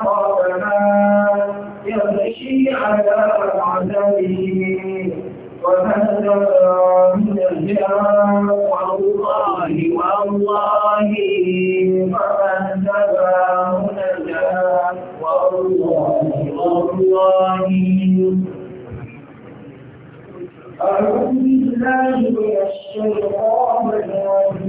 ربنا يمشي على عذابه وهذا من الجهل والله والله فهذا من الجهل والله والله أعوذ بالله من الشيطان الرجيم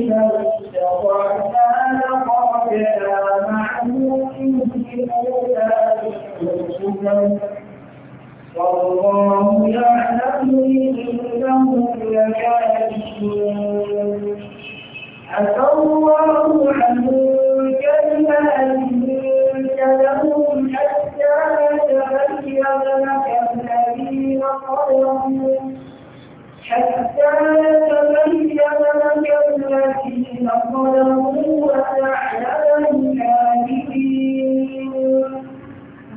الذين ظلموا ولعنهم الكاذبين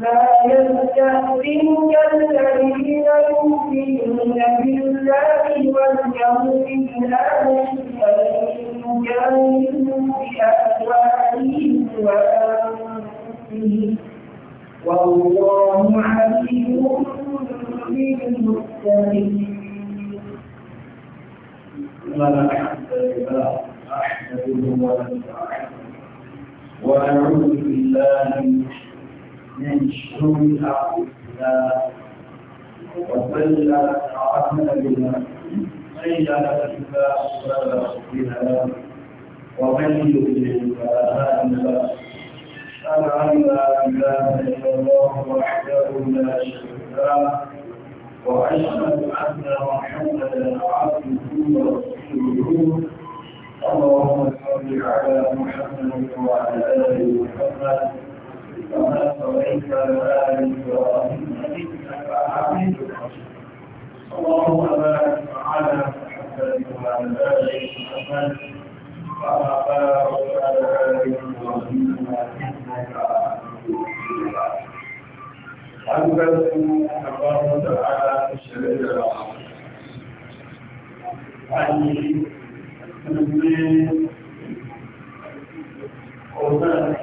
لا يستهزئك الذين يؤمنون بالله واليوم الآخر فليجاهدوا بأموالهم وأنفسهم والله عليم بالمتقين أكمل الحمد ونعوذ بالله من شرور أنفسنا وسيئات أعمالنا من يهده الله فلا مضل ومن يضلل فلا أن لا إله إلا الله وحده لا شريك له وأشهد أن محمدا عبده ورسوله اللهم صل على محمد وعلى آل محمد كما صليت على آل إبراهيم إنك حميد مجيد اللهم بارك على محمد وعلى آل محمد كما باركت على آل إبراهيم إنك حميد an ga su tabarun da ala ta shari'a an yi turbe ƙonar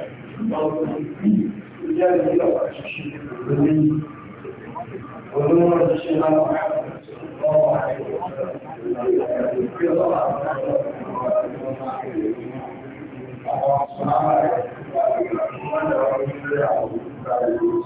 ɗaukuki ya yi da wasu shi domin wani wanda shi na Thank you.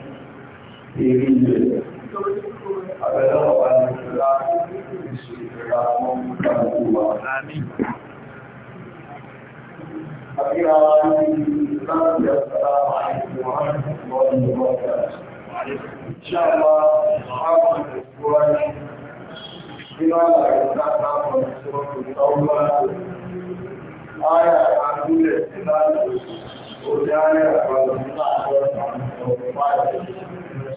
èrè ilẹ̀ àbẹ̀lọ́wà ní ìlà ìṣẹ́ ìrẹ́ra fún ìgbàlùkù wa Àbíra wa ní láti ọ̀sára àìsàn wọn wọ́n ní ọjà. Ṣáàlá àwọn ìgbòrò nínú àlàyé látàkọ̀ ìṣòro ọgbà ààrẹ àgbúlẹ̀ sí láti òjá ààrẹ àgbàlùmí láàrín ọ̀sán ọ̀pọ̀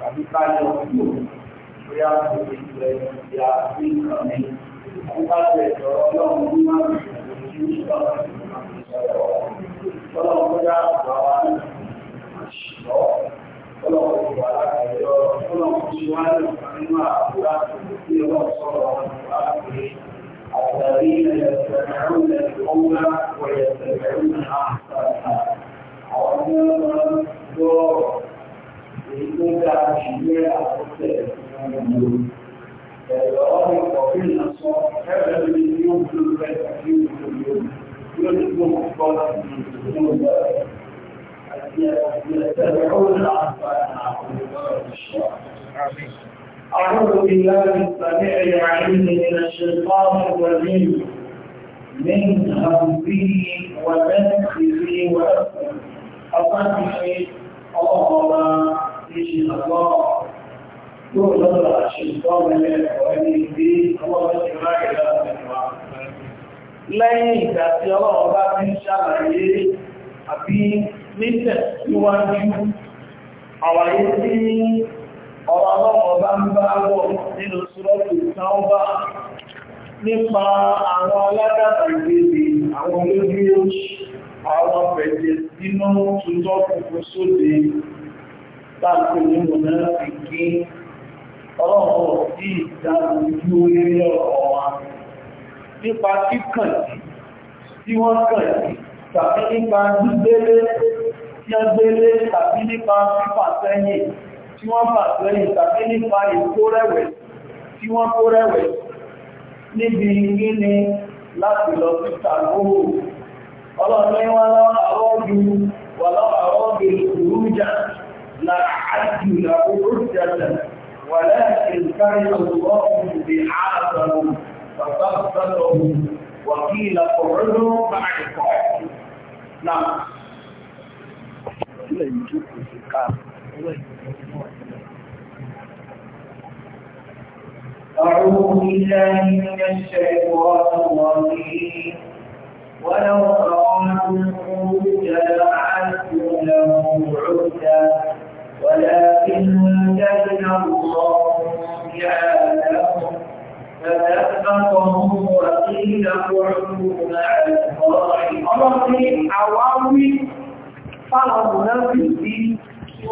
tàbí káyọ̀ ojú òun bóyá kò lè jẹ ìyá sí nǹkan mi. Àwọn bá tí wọ́n kó rẹ̀wẹ̀ níbi níní láti lọ sí tàgbóò ọlọ́rin wọn lọ́wọ́ àwọ́dù wà lọ́wọ́ àwọ́dù ìrújà na àjù na orújàjà wà lẹ́ẹ̀kìn kárí ọlọ́run Ilé ìjókòó أعوذ بالله من الشيطان الرجيم ولو أرادوا الخروج لأعدوا له عدة ولكن امتهن الله بعالمهم فثبتهم وقيل اقعدوا مع الظالمين. الله ní àwáwí fáwọn mùnàfíì sí kí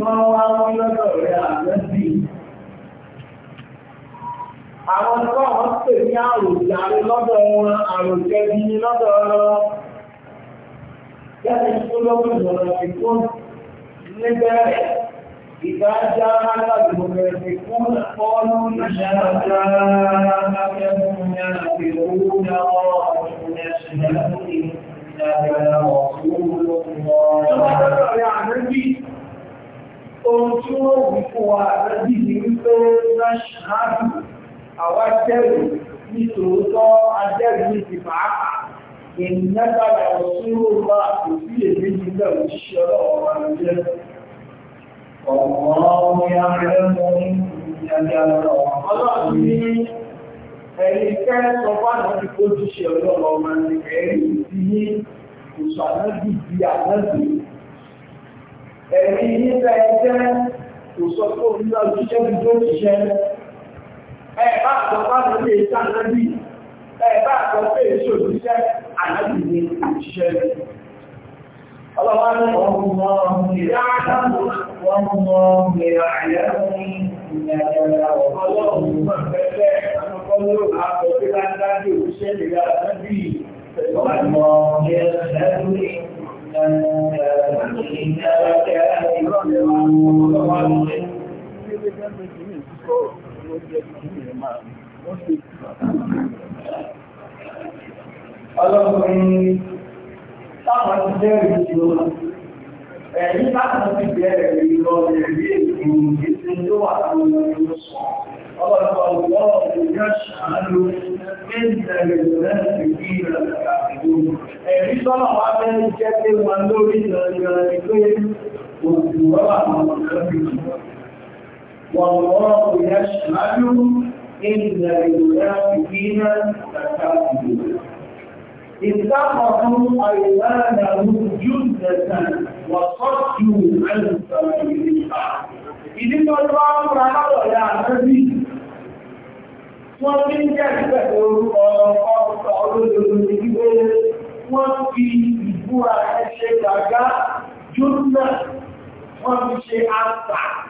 wọ́n gbé àwọn tó wọ́n pè ní àròjàre lọ́dọ̀ wọn àròjẹ̀bi ní lọ́dọ̀ wọn yẹ́nì tó lọ́wọ́ ìjọba ìfún níbẹ̀rẹ̀ ìdájá láti gbogbo ẹ̀sìn fún ọlú ìṣẹ́jà akẹ́kọ̀ọ́ ní àti owó ní àwọn ọ̀ṣun ẹ̀sìn lẹ́kùn ìrìnàjò ọ̀ṣun lọ́wọ́ ohun tí wọ́n wù fún wa àrẹ́bí ní wípé náṣàárù àwa jẹ́rìí ní tòótọ́ ajẹ́rìí ní ti pàápàá ìnágbára ìṣúró bá kò sí èmi nígbà òṣìṣẹ́ ọlọ́ọ̀wà jẹ́ ọ̀pọ̀ ní arẹ́mọ́ ọlọ́run ní ẹni kẹ́ sọ fánà ti kó jíṣẹ́ ọlọ́ọ̀wà ní ẹ̀rí ti ní òṣù ànábì di ànábì ẹ̀rí nígbà ẹjẹ́ kò sọ pé òun ní ọjíṣẹ́ ẹ̀bá àtọ́pá lórí ìṣẹ́ ànábì ẹ̀bá àtọ́pá èso òṣìṣẹ́ ànábì òṣìṣẹ́ rẹ̀ ọlọ́wọ́n ọmọ ìyá àdámọ́ wọn mọ ìrìn àyẹ́ ní ìrìnàjò ọlọ́run mọ̀ pẹ́pẹ́ àwọn ọlọ́run àtọ́pẹ́ láńdájú òṣìṣẹ́ ìrìn ànábì wọn mọ ìrìn àyẹ́ ní ìrìnàjò ọlọ́run Ọlọ́run táwọn ti bẹ̀rẹ̀ ìṣòro, ẹ̀yí láti ti bẹ̀rẹ̀ ìlọ ẹ̀rí èkó ìṣẹ́ tó wà lórí ọ̀sán. Ọlọ́run ọlọ́run yá ṣàánú ẹ̀ẹ́dẹ̀rẹ̀ lẹ́sẹ̀ kí ìrẹ̀lẹ̀ Ẹ̀rí sọ́nà wá bẹ́ẹ̀ jẹ́ pé wọn lórí ìrẹ̀lẹ̀ والله يشهد إن المنافقين لكاذبون اتخذوا أيمانهم جدة وصدوا عن سبيل الله إذ الله تعالى يا نبي wọ́n ní jẹ́gbẹ̀ orúkọ ọ̀pọ̀ olóòrò ní wípé wọ́n fi ìbúra ẹṣẹ́ gbàgá jùlọ wọ́n fi ṣe àtàkì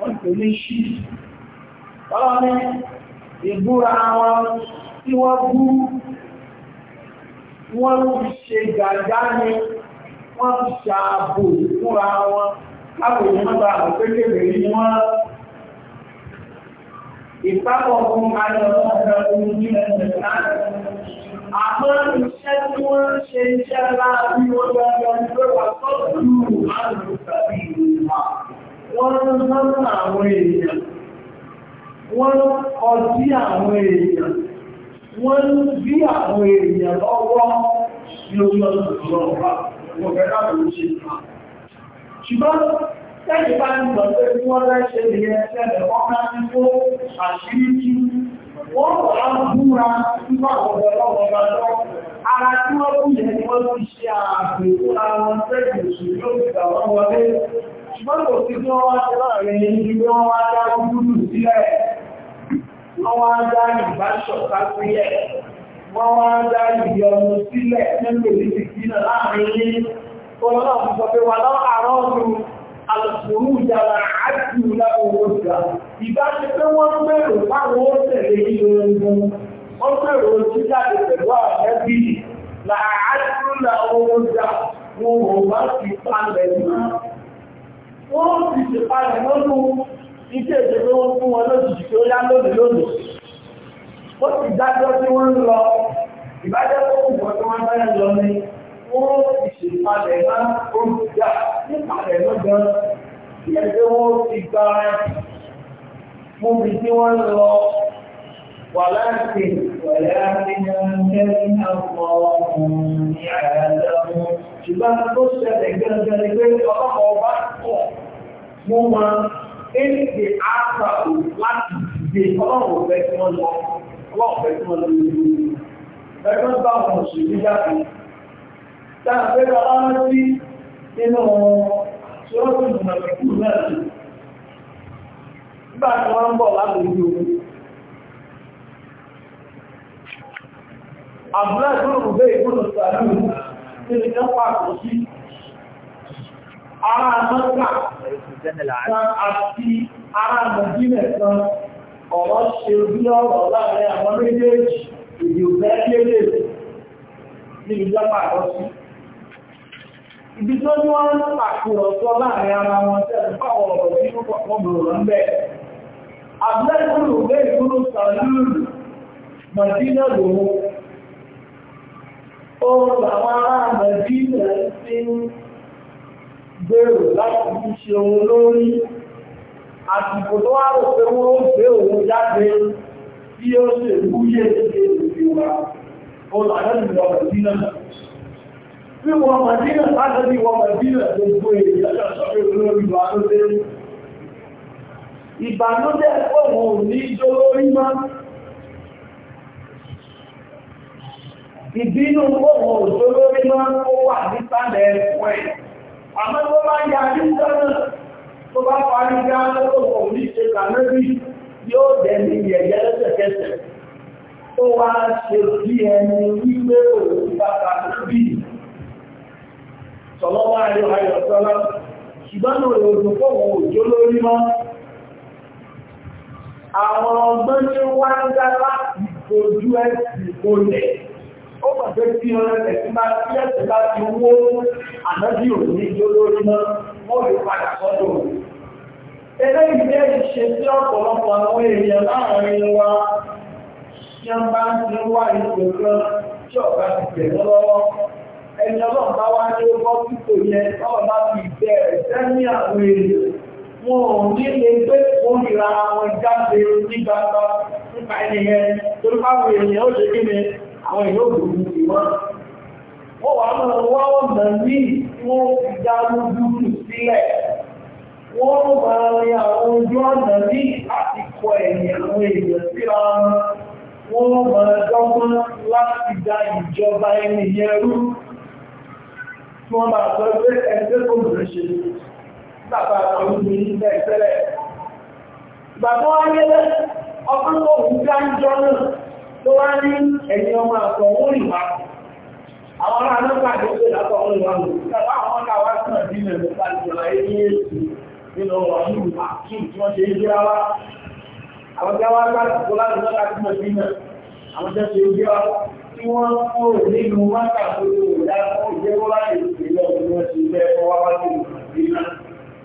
wọ́n pè ní ṣí ọlọ́ni ìbúra wọn tí wọ́n bú wọ́n ti ṣe gàgá ni wọ́n ti ṣàbò fúnra wọn káwòrán nígbà àpékèké ní wọ́n ìpapọ̀ fún ayọ̀ ọ̀rọ̀ ohun ní ẹ̀sẹ̀ láti àmọ́ iṣẹ́ tí wọ́n ń ṣe iṣẹ́ láàrin wọn gbọ́dọ̀ ń gbé wà sọ́ọ̀tù àrùn tàbí ìlú wa wọ́n ń sọ́nà àwọn èèyàn wọ́n ń kọ sí àwọn èèyàn wọ́n ń bí àwọn èèyàn lọ́wọ́ sí ojú ọdún lọ́wọ́ wọ́n fẹ́ láàrín ṣe ìta ṣùgbọ́n tẹ́lẹ̀ bá ń gbọ́ pé kí wọ́n lẹ́ ṣe lè ẹ̀ṣẹ̀lẹ̀ wọ́n ká sí tó àṣírí kí wọ́n wà á búra nípa àwọn ọlọ́wọ́ bá lọ ara tí wọ́n kú yẹn ni wọ́n ti ṣe ààbò àwọn tẹ́lẹ̀ òṣèlú lókè àwọn wọlé ṣùgbọ́n kò sí bí wọ́n wá ṣe láàrin ibi bí wọ́n wá dá gúrù sílẹ̀ wọ́n wá dá ìbáṣọ̀ká sílẹ̀ wọ́n wá dá ìdí ọmọ sílẹ̀ nílò ìdí sínú láàrin yìí ọlọ́nà àbúkọ pé wà lọ́wọ́ àárọ̀ ọdún alùpùrù ìjàlá àti ìlàwọ̀ ìjà ìbáṣe pé wọ́n mẹ́rò fáwọn ó tẹ̀lé ìrọ̀rùn wọ́n mẹ́rò jíjáde pẹ̀lú àbẹ́bí làárọ̀ ìjà wọn ò bá ti pàlẹ̀ náà wọ́n ti ṣe palẹ̀ lọ́nú iṣẹ́ ìṣẹ́gbé wọn fún wọn lójijì tó yá lónìí lónìí ó ti dájọ́ tí wọ́n ń lọ ìbájẹ́ tó kù wọ́n tí wọ́n bá ń lọ ni wọ́n ti ṣe palẹ̀ náà ó ń gbà ní palẹ̀ lọ́gán tí ẹgbẹ́ wọn ti gba fún mi tí wọ́n ń ṣùgbọ́n tó ṣẹlẹ̀ gẹ́gẹ́ pé ọlọ́pàá ọba pọ̀ wọ́n máa ń ṣe àṣà ò láti dìde ọlọ́run ọ̀fẹ́ tí wọ́n lọ ọlọ́run ọ̀fẹ́ tí wọ́n lọ níbi tó pàtó sí ará mọ́ta àti ará mọ̀jínà kan ọ̀rọ̀ ṣe bí ọ̀rọ̀ láàrin àwọn méjèèjì ìdí òfẹ́ léèrè níbi tó pàtó sí ibi tó ní wọ́n ń pàkúrọ̀sọ láàrin ara wọn tẹ́lẹ̀ fáwọn ọ̀rọ̀ tí ó pọ̀ mọ̀rọ̀ ń bẹ̀. àbúlẹ̀ ìkúrò ìgbé ìkúrò màdínà lòun Ohun àwọn ará Nàìjíríà ti ń gbèrò láti fi ṣe ohun lórí. Àsìkò tó wá rò pé wọ́n ó gbé òun jáde tí ó ṣe ìwúyé ṣe ìwà. Ohun àjọ́jù lọ Nàìjíríà. Bí wọ́n Nàìjíríà láti bí wọ́n Nàìjíríà gbogbo èdè ṣọ́ṣọ́ lórí ìwà lóde. Ìbànújẹ́ pọ̀ ìbínú owó òṣòro ní wọ́n kó wà ní sálẹ̀ ẹ̀kọ́ ẹ̀. Àmọ́ tó bá yà ní sọ́nà tó bá parí já lọ́pọ̀ ní ṣe kàmẹ́rí yóò dẹ̀ ní yẹ̀yẹ́ lẹ́sẹ̀kẹsẹ̀. Ó wá ṣe bí ẹni wípé òun bá kàmẹ́rí. Sọlọ́wọ́ ayọ̀ ayọ̀ sọ́lá. Ṣùgbọ́n òòrùn fọ́wọ́ òjò lórí mọ́. Àwọn ọgbọ́n tí wọ́n ń dá láti bojú ẹ̀sìn bolẹ̀ ó pàtẹ́ tí ọ̀rẹ́ rẹ̀ tí bá tí ẹ̀sẹ̀ bá ti wó ànábí òní lórí mọ́ wọ́n lè padà sọ́dọ̀ ẹgbẹ́ ìgbẹ́ ìṣe tí ọ̀pọ̀lọpọ̀ àwọn èèyàn láàrin wa tí ti wá ipò kan tí ọ̀gá ti tẹ̀ lọ́wọ́ ẹni ọlọ́run bá wá ní ọgbọ́ títò yẹn ọ̀rọ̀ bá fi bẹ̀rẹ̀ sẹ́ni àwọn èèyàn wọn ò ní lè gbé òmìnira àwọn jáde ní nípa ẹni yẹn torí báwo èèyàn ó ṣe kí ni àwọn èèyàn òdòdó ti wọ́n wọ́n wà mọ́ wọ́n ọ̀nà ní wọ́n fi dá lójú sílẹ̀ wọ́n máa rin àwọn ojú ọ̀nà ní láti kọ ẹ̀yìn àwọn èèyàn sí ọmọ wọ́n máa dọ́gbọ́n láti dá ìjọba ẹni tó wá ní ẹ̀yìn ọmọ àtọ̀wọ́n ìwà àwọn ará tó pè látọ̀wọ́n ìwà lò tàbá àwọn ọ̀gá àwọn tí àwọn jẹ́ tí wọ́n kó nínú wákà tó lò dá fún ìjẹ́wọ́ láti ìpínlẹ̀ ọ̀gbìn wọn ti bẹ́ ọ wá sí nàìjíríà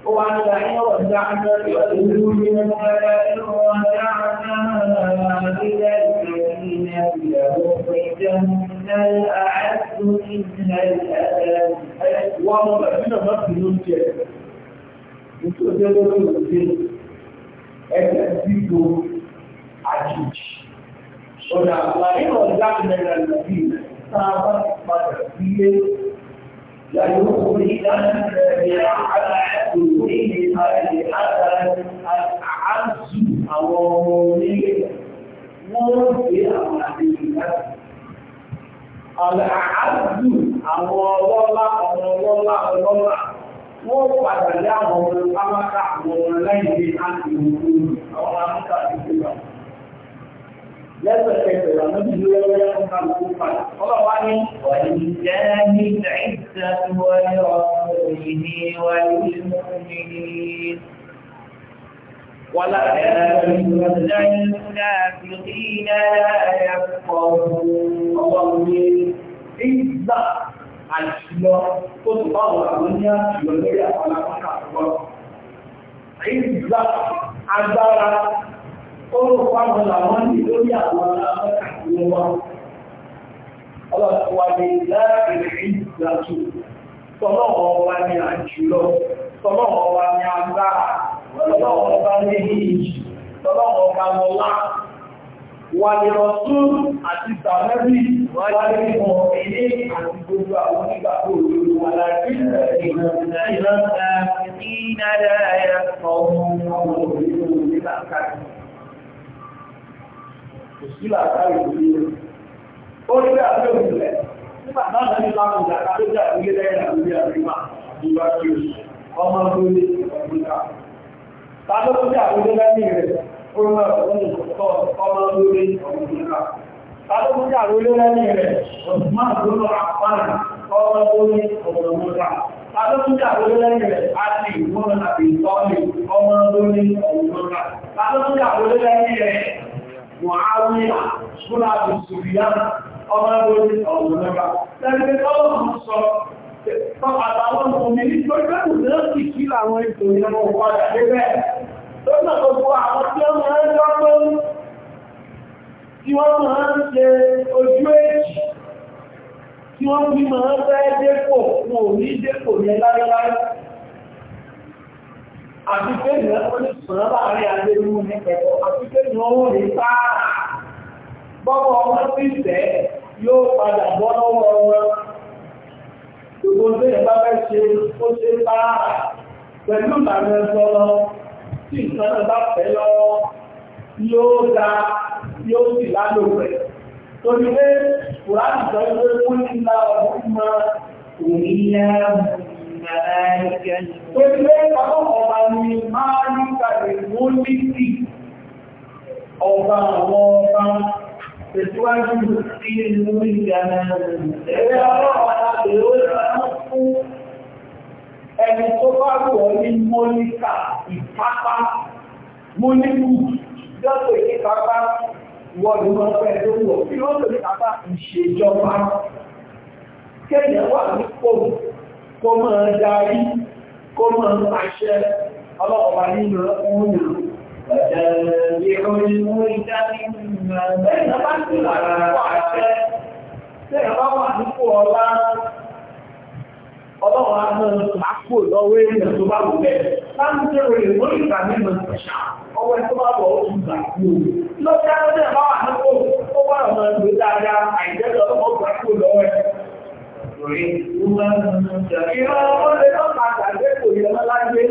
ó wá ní àyẹ̀wò ọ̀dá àjọ ìwà ìlú ní ọmọ ẹ̀rọ ìlú ọ̀dá àjọ لأخرجن الأعز منها الأذل ومبعثنا مبعثنا الجاهل nítorí ọjọ́ lọ́wọ́ ìwé ẹgbẹ́ dídò àjèjì ọ̀nà àgbáyé ọ̀gá mẹ́ra lórí sábà padà sílé yàrá òkú ìdánilẹ̀ rẹ̀ àgbà ẹ̀kọ́ ní ìlú àti àgbà àásù àwọn ọmọ onílé. wọ́n gbé àwọn àdéhùn láti. Àlàáàdù àwọn ọlọ́lá ọmọ ọlọ́lá ọlọ́lá wọ́n padà lé àwọn ọmọ pámákà àwọn ọmọ láìsí láti òkú àwọn amúkà àdéhùn lẹ́sẹ̀kẹsẹ̀ lọ́nàbí lórí ọmọ àgbò padà. Ọlọ́wà ní ọ̀yìnjẹ́ ní ìdáìsẹ́ wọlé ọmọ òyìnbí wọlé ìmúni. ولا النافقين لا يفقهون إذا àṣìlọ tó tó bá wọ́n àwọn ní àṣìlọ lórí àwọn alápákà àgbọ́. Ìgbà agbára ó rò fáwọn làwọn ní lórí àwọn alápákà àgbọ́ wa. Ọlọ́pàá ni láàrin ìgbà tó, tọ́lọ́wọ́ wa ni àṣìlọ, tọ́lọ́wọ́ wa ni agbára lọ́wọ́ ọba ní ìyí lọ́wọ́ ọba lọ́lá wà ní ọ̀tún àti sàmẹ́bí wà ní ìmọ̀ ilé àti gbogbo àwọn onígbàgbọ́ òṣèlú aláàrí ìrọ̀lẹ́ ìrọ̀lẹ́ ọ̀rọ̀ Nígbà náà ní láàrín ìjàkà tó jà ilé lẹ́yìn àti ilé àríwá ìgbà tí ó ọmọ tó lé ta ló tún àwọn olóyìn rẹ̀ ọmọ ọmọ lórí ọmọ ta ló tún àwọn olóyìn rẹ̀ ọmọ lórí àpáàrùn ọmọ lórí ọmọ ta ló tún àwọn olóyìn rẹ̀ àti ìwọ̀n àti ìtọ́lẹ̀ ọmọ lórí ọmọ ta ló tún àwọn olóyìn rẹ̀ Mọ̀háríà, Ṣúra Bùsùlìyà, ọmọ lórí ọmọ lọ́gbà. Tẹ́lẹ̀ tọ́lọ̀ sọ Tọ́pàtà wọn kò ní ní tó gbẹ́rù lọ́sì kí làwọn ètò ìrìnà ọ̀pọ̀ àdàdé bẹ́ẹ̀ lọ́nà gbogbo àwọn tí wọ́n máa ń lọ́pọ̀ tí wọ́n máa ń ṣe ojú èjì tí wọ́n bí máa ń fẹ́ dépò wọn ò ní dépò yẹn láyéláyé àti pé ìrìn àwọn ìsìnkú láàrin àdéhùn ní ẹ̀kọ́ àti pé ìrìn owó rí táà bọ́bọ̀ ọmọ sí ìtẹ́ yóò padà bọ́ lọ́wọ́ wọn gbogbo tí nǹkan náà bá fẹ́ lọ́wọ́ yóò da yóò sì lálò rẹ̀ torí pé kùránì sọ pé wọ́n ti la ọdún mọ́ òmìnira torí ọba àwọn ọba tẹ̀síwájú sí ìlú ìgbàlẹ̀ ẹ̀rẹ́ ọlọ́ọ̀ba lè ó rẹ̀ fún ẹni tó bá wọ̀ ní mọ́níkà ìpápá mọ́níkù jọ́pọ̀ èké pápá wọ́n mọ́ pẹ́ tó wọ̀ kí ló lè pápá ìṣèjọba kéèyàn wà ní kò kó máa darí kó máa pàṣẹ ọlọ́pàá nínú ọ̀hún Ọ̀dẹ̀ bá wà ṣẹ́, tí ọlá ọlọ́run á mú àpò lọ́wọ́ èèyàn tó bá wù bẹ́ẹ̀ láti ṣe rèé wọ́n ìgbà nínú ìṣà ọwọ́ tó bá bọ̀ ọdún gbà kú o. lọ́jọ́ ẹgbẹ́ bá wà nípò ó wà ọmọ ìgbé dáadáa àìjẹ́ lọ́wọ́ gbà lọ́wọ́ ẹ̀. ìran ọmọ lè lọ́pàá àgbàgbé kò yẹ mọ́ lágbé.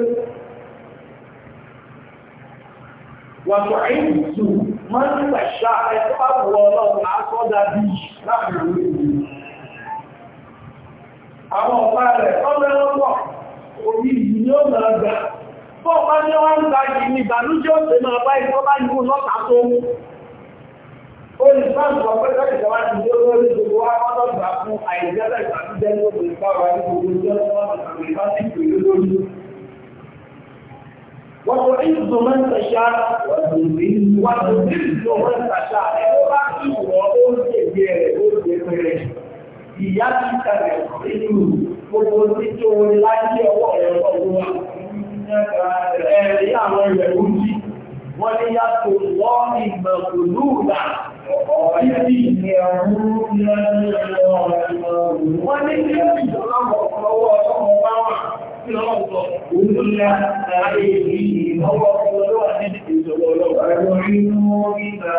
wàtò àìsùn máa ń gbà ṣá ẹ̀ tó bá wù ọlọ́run àwọn ọ̀pá rẹ̀ ọmọlọ́pọ̀ orí ìlú ni ó máa gbà fọ́ ọ̀pá ní wọ́n ń gba yìí ní ìbànújẹ́ òṣè máa bá ikọ́ bá yìí lọ́ta tó mú wọ́n tó ìtùtù mẹ́tẹ̀ṣá wọ́n tó ìtùtù mẹ́tẹ̀ṣá ẹgbẹ́ bá kí wọ́n ó ń tẹ̀lé rẹ̀ ó ń tẹ̀lé ìyá ti kàrẹ̀ nínú gbogbo títò láyé ọwọ́ ẹ̀rọ ọgbọ́n ẹ̀rí àwọn ìrẹ̀lú jí wọ́n ní yàtọ̀ wọ́n ìgbẹ̀kùlú ìgbà títí wọ́n ní kí ìjọba ọ̀pọ̀lọwọ́ ọmọ bá wà tí lọ́wọ́ sọ òun ní àtàrí ìrìnlọ́wọ́ ọlọ́wà ní ìjọba ọlọ́wà ẹ̀rọ inú ìgbà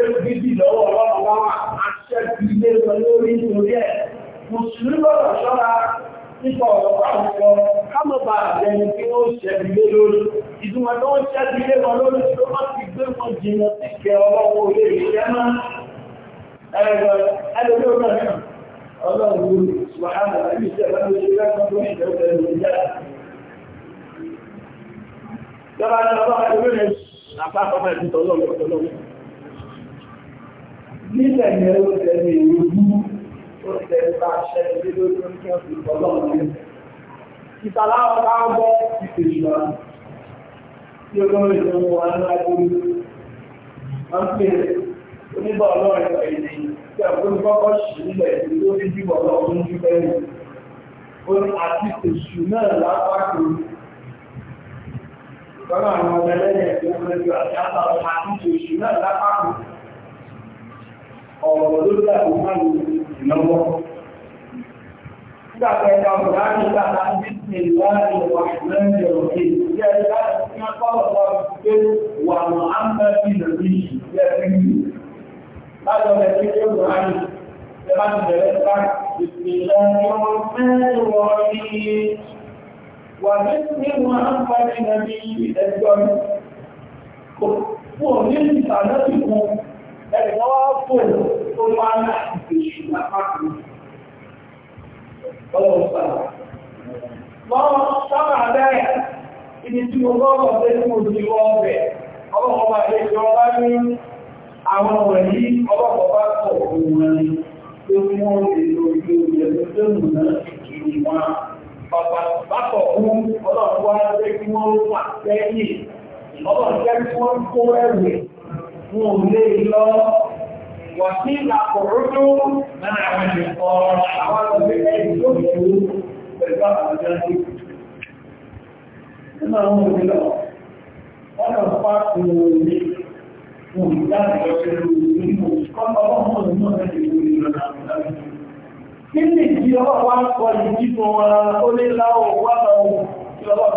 pẹ̀lú bíbí lọ́wọ́ ọlọ́pàá wá ilé lọ lórí nítorí ẹ̀. Mùsùlùmí gbọ́dọ̀ ṣọ́ra nípa ọ̀rọ̀ àwùjọ kámọ̀bà àbẹ̀ni tí ó ṣẹ̀bi lé lórí. Ìdúnmọ̀ tó ń ṣẹ́bi lé wọn lórí tí ó má ti gbé wọn jìnnà sí kẹ ọlọ́wọ́ olè ìṣẹ́ náà. Ẹ̀rọ ẹlòmí ọ̀nà náà ọlọ́run lórí wàhálà àbí ìṣẹ́ ìbámu ṣe lẹ́kọ̀ọ́ tó ṣe lẹ́kọ̀ọ́ ẹ̀rọ ìjà nílẹ̀ yẹn ó tẹ̀lé ìrújú ó tẹ̀lé bá ọlọ́rin lọ èdè tí àgbórí kọ́kọ́ sì nílẹ̀ èdè tó fi bíbọ̀ lọ́wọ́ tó ń jú ó ní àti èṣù náà lápá kan àwọn ọmọ ẹlẹ́yìn ẹ̀gbẹ́ ọmọ àti ọ̀rọ̀ ló dàbò máàlù ìnáwó. Nígbàtà ẹ̀ka ọ̀rọ̀ nígbà láti ní ìwádìí wà lẹ́yìn òkè yẹ láti ní akọ́lọ̀pọ̀ pé wà mọ̀ á ń bẹ́ sí lórí yẹ fi ń bì. Lájọ rẹ̀ ti ṣe wà ní ṣe láti bẹ̀rẹ̀ bá ìpìlẹ̀ ọmọ ẹni wọ́n wá fò tó máa ń láti ṣe lápákan ọlọ́run sábà. Wọ́n sábà bẹ́ẹ̀ ibi tí mo gbọ́dọ̀ pé tí mo ti wọ ọbẹ̀ ọlọ́run bá lè jọ bá ní àwọn ọ̀rẹ́ yìí ọlọ́run bá pọ̀ òun wọn ni tó mú èlò ìlú ìjẹ̀lú tó mú náà ìkiri wọn. Bàbá bàtọ̀ fún ọlọ́run wá jẹ́ kí wọ́n wà lẹ́yìn ọlọ́run jẹ́ kí wọ́n kó ẹ̀rù wọn ò lè lọ wọ̀ sí àkọ̀rọ̀dó lára àwọn ìṣẹ̀kọ́ àwọn ọ̀gbẹ̀rẹ̀ ìjọ́jú pẹ̀lú àwọn ọjọ́ Nínú àwọn òmìnira, wọ́n lọ pàtàkì òní fún ìdájọ́ pẹ̀lú ìlú kọ́kọ́ ọmọ ìlú ọ̀rẹ́ ìlú ìrọ̀lá. Kí ni ìdí ọwọ́ wá ń kọ ìdíbò wọn ó lé láwọ̀ wá lọ́wọ́ tí ọwọ́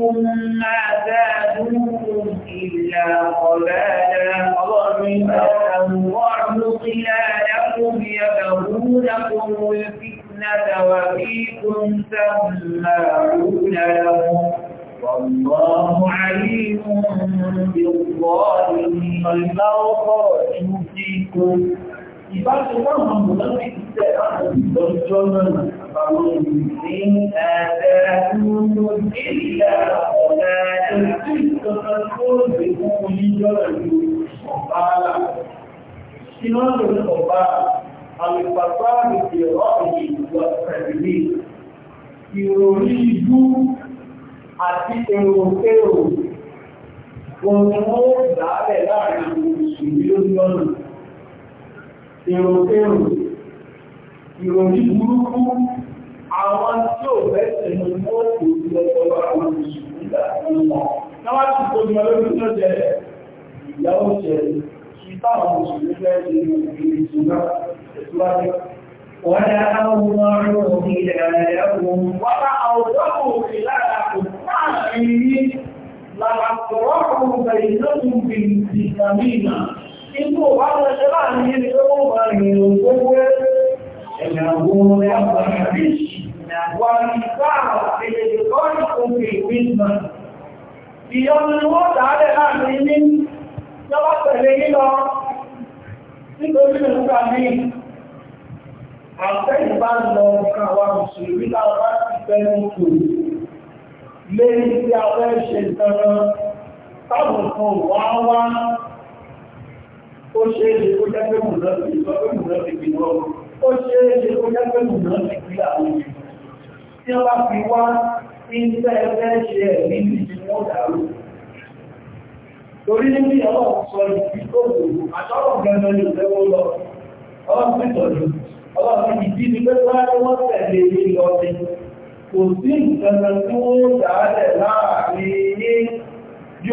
منكم ما زادوكم إلا قبالا ومن الله خلالكم يبغونكم الفتنة وفيكم سماعون لهم والله عليم بالظالمين الموقع يمسيكم رجل فمن آتاهم إلا صلاة تفكر بكل جرد قال سنان الخبار الفساد في الرأي والتدليل يريد àti èrò-èrò ohun ó dáadẹ̀ láàrin ìṣòrí lórí ọ̀nà èrò-èrò ìròyìn burúkú àwọn tí ó fẹ́ tẹ̀lú mọ́tò ti ọ̀pọ̀lọpọ̀ àwọn òṣìṣẹ́ nígbà tí wọ́n náwà tí kò ní ọlọ́rin tó jẹ ìyàwó jẹ kí táwọn òṣìṣẹ́ fẹ́ ṣe ìrìnṣúná ẹ̀túwájú ولا أضمعوا هدايهم ولا أوضعوا خلالكم معين لأسرعوا العبور والرش والنساء في ذكركم في الفتنة في يوم الموت على الأمين يوصل إلى nítorí nípa ní àtẹ́yìn bá lọ ọ̀ká wa mùsùlùmí láwọ́ ti fẹ́nu kò lé tí a fẹ́ ṣe ìtọ́rọ táwọn kan wá wá ó ṣe é lè kó jẹ́ pé mùsùlùmí sọ pé mùsùlùmí fi lọ́wọ́ ó ṣe é ṣe kó jẹ́ pẹ̀lú náà ti pé àwọn tí wọ́n bá fi wá ní iṣẹ́ ẹgbẹ́ ṣe ẹ̀mí ní ìṣẹ́wọ́n dàrú torí níbi ọwọ́ sọ ìdí tó gbòòrò àtọ́rọ̀ gẹ́gẹ́ ní ìfẹ́wọ́ lọ ọwọ́ pẹ̀tọ̀lù ọwọ́ ìdí ni pé wọ́n tẹ̀lé ní ọdẹ kò sí ìfẹ́fẹ́ tí wọ́n dáadẹ̀ láàrin ní ju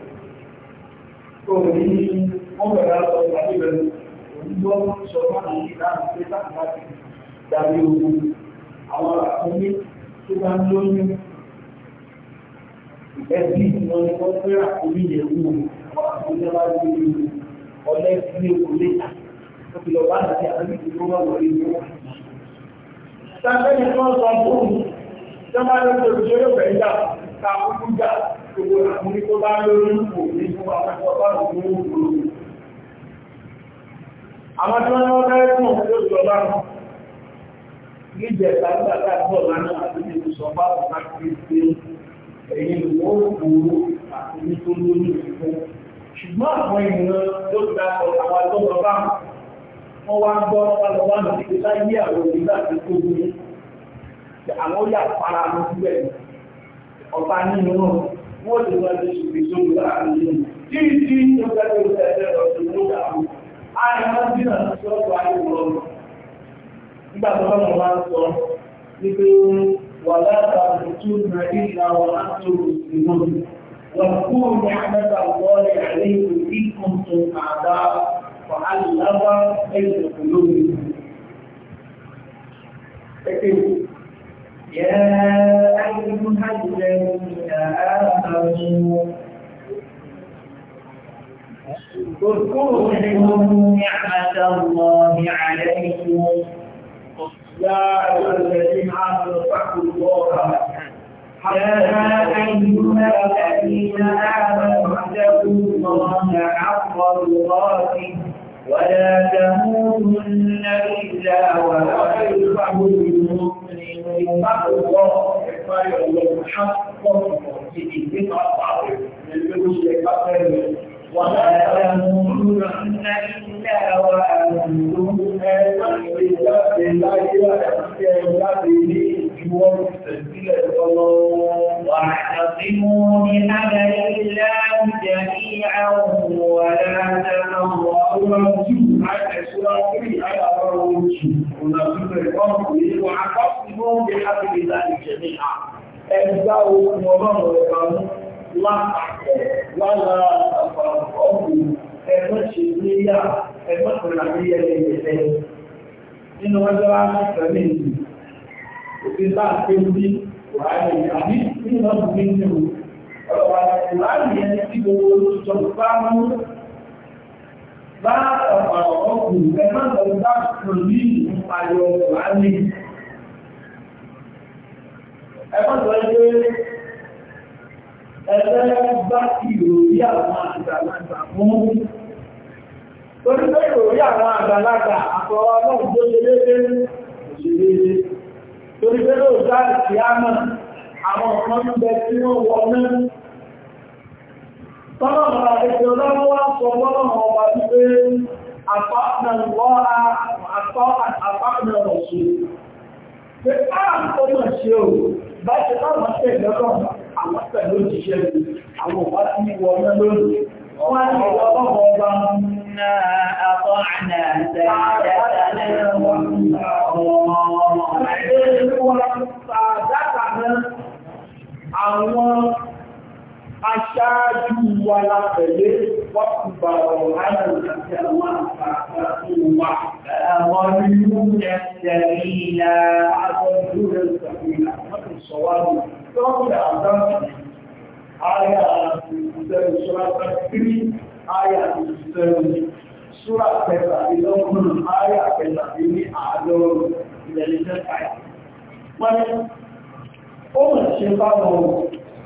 tó rí wọ́n bẹ̀rẹ̀ sọ ìgbàlẹ̀ rẹ̀ onígbọ́ sọ fáwọn ìdáhùn pé láti láti darí ogun àwọn àkúnmí tó bá ń lóyún ẹbí wọn ni wọ́n fẹ́ àkúnmí yẹn wù àwọn àkúnmí bá ń lóyún ọlẹ́ ilé ìwòlé ìlọ bá àti àwọn ìdúró wà lórí ìlú. Sàfẹ́ni kan sọ fún mi, sọ́mọ́ ló tó ìṣòro pẹ̀lú ìjà, kà á kúkú jà gbogbo àwọn tó bá lórí kò ní fún àwọn tó bá lórí òun àwọn tí wọ́n wọ́n bẹ́ẹ̀ fún òun lórí ọlá náà níjẹ̀ tàbílàtà tó lánàá àti nínú sọ bá wọn bá ti ṣe ẹ̀yìn wọ́n kúrò àti nítorí lórí ìfún ṣùgbọ́n àwọn ènìyàn tó gba àwọn àtọ́gbọ̀n bá wọ́n wá gbọ́ ọlọ́wọ́ àmì títí láyé àwọn òbílà tó tóbi àwọn yà fara lọ síbẹ̀ ọ̀pá nínú náà wọ́n lè wọ́n lè ṣùgbé tó ń bá àríyìn tí tí ó gbẹ́gbẹ́ ìgbẹ́ ẹ̀rọ tó ló dà mú àyàmá dínà sí ọ̀pọ̀ ayélujára nígbà tó bá wọn máa ń sọ wípé wà látàkù tó nà ìlà wọn láti òkè náà wọn kú ní àmẹ́ta wọlé àléébù ìkùn tó àdá wà á lè lábá ẹ̀jẹ̀ olómi. Ẹ̀kẹ́ يا أيها اذكروا منهم نعمة الله عليكم يا أيها الذين آمنوا اتقوا الله يا أيها الذين آمنوا اتقوا الله حق تقاته ولا تموتن إلا وأنتم مسلمون الله حق تقاته للمسلمين وما تموتن إلا وأنتم واعتصموا بحبل الله جميعا ولا تنظروا حتى سورة على الروج ونقول الفرق واعتصموا بحبل الله جميعا أجزاؤكم ومن رضاهم lápapọ̀ lára àpapọ̀ ọ̀gbìn ẹgbẹ́ ṣe léyà ẹgbẹ́ pẹ̀lú àríyẹ ẹgbẹ́ nínú ọjọ́ àmọ́sẹ̀ ní ìlú òfin sáà pé bí wàhálì àbí nínú ọdún ní ìlú ọ̀rọ̀ láàrin ẹni tí gbogbo olùsọ bá mú bá àpapọ̀ ọ̀gbìn ẹgbẹ́ pẹ̀lú bá pẹ̀lú ìpàdé ọ̀gbìn ẹgbẹ́ bá ìròyìn àwọn àgbàlagbà fún torí pé ìròyìn àwọn àgbàlagbà àfọwọ́ náà tó ṣe léde òṣèlédé torí pé ló dá ìsì àmà àwọn ọ̀kan ń bẹ tí wọ́n wọ náà tọ́nà ọ̀rọ̀ àti ọlọ́wọ́ wá sọ mọ́nà ọba tí pé àpáànà wọ́n àpáànà ọ̀ṣun pé káà ń tọ́nà ṣe ò bá ṣe láwọn tẹ̀lé ọlọ́pàá àwọn pẹ̀lú òṣìṣẹ́ àwọn ọ̀pá tí wọ́n mẹ́ lónìí wọ́n ni ọlọ́pọ̀ ọba náà àtọ́ àná aṣáájú wa la tẹ̀lé wọ́pùpà ọ̀rọ̀ ayọ̀ àti àwọn àpàtà tó wà. Àwọn inú ẹsẹ̀ ìlà aṣojú rẹ̀ sàfihàn láti sọ wá lọ. Lọ́pùpà àdáǹtì, àyà ìṣẹ́lẹ̀ ṣọ́ra tàbí àyà ìṣẹ́lẹ̀ ṣọ́ra pẹ̀lá ìlọ́gbọ̀n àyà pẹ̀lá ní àádọ́rùn ilẹ̀ ìṣẹ́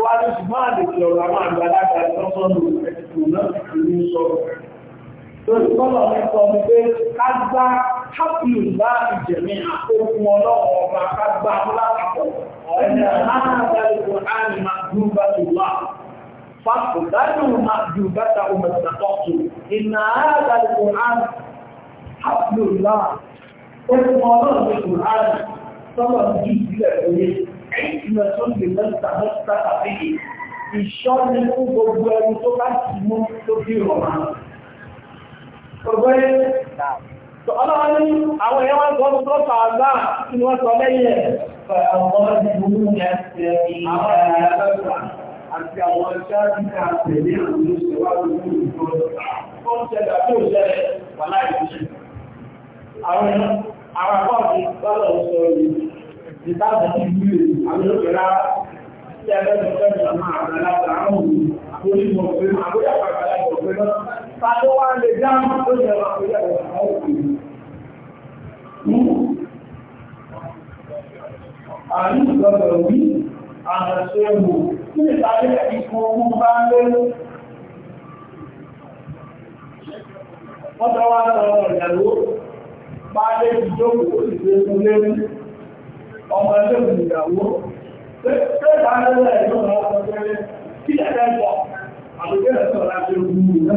wá ní ṣùgbọ́n àdèkì ọ̀rọ̀ àwọn àgbàlagbà ìtọ́sọ́nù ẹ̀sùn náà ti ní sọ̀rọ̀. Lórí kọ́lọ̀ ní sọ ní pé ká gbá hápìlù bá ìjẹ̀mí àkókún ọlọ́wọ́ ọba ká gbá lápapọ̀. Ẹ̀yà aláàbẹ̀lẹ̀kùn àmì máa dùn bá ti wà. Fàkùdánù máa dùn bá ta ọmọ ìsàkọ́tù. Ìnà aláàbẹ̀lẹ̀kùn ìgbìmọ̀tò ìgbìmọ̀ ìtàbọ̀tà àbíyè ìṣọ́ ní fún gbogbo ẹni tó bá ti mú tó bí rọ̀mà. Ọgbẹ́ ọlọ́wọ́ ní àwọn èèyàn wọ́n gbọ́n tó fàágbà tí wọ́n sọ lẹ́yìn ẹ̀. Àwọn àti àwọn ṣáàdìkà tẹ̀lé àwọn olóṣèwà lórí ìgbọ́n. Ó ń ṣẹlẹ̀ àti òṣèlẹ̀ wà láìpẹ́. Àwọn àpá ọ̀gbìn bá lọ sọ ìlú ìtàbí ìlú e, àwọn òṣèrà tí ẹgbẹ́ ìjọba àgbàlagbà àwọn olùmọ̀ pé àgbóyà pàgbàlá ìjọba náà tàbí wá lè dáàmù tó yẹ wà pẹ̀lú àwọn òṣèrè. Àrùn ìjọba wí, àrẹ̀ṣẹ́ wò, kí ìtàbí ìkọ̀ ọmọ bá ń lérò. Wọ́n tọ́wọ́ àwọn ìyàwó, bá ọmọ ẹgbẹ́ ìgbìyàwó tẹ́ẹ̀kà lẹ́lẹ́ ìjọba ọ̀pẹ́rẹ́ kí ẹ̀rẹ́ pọ̀ àbúgbẹ́ ẹ̀sọ̀ láti ogun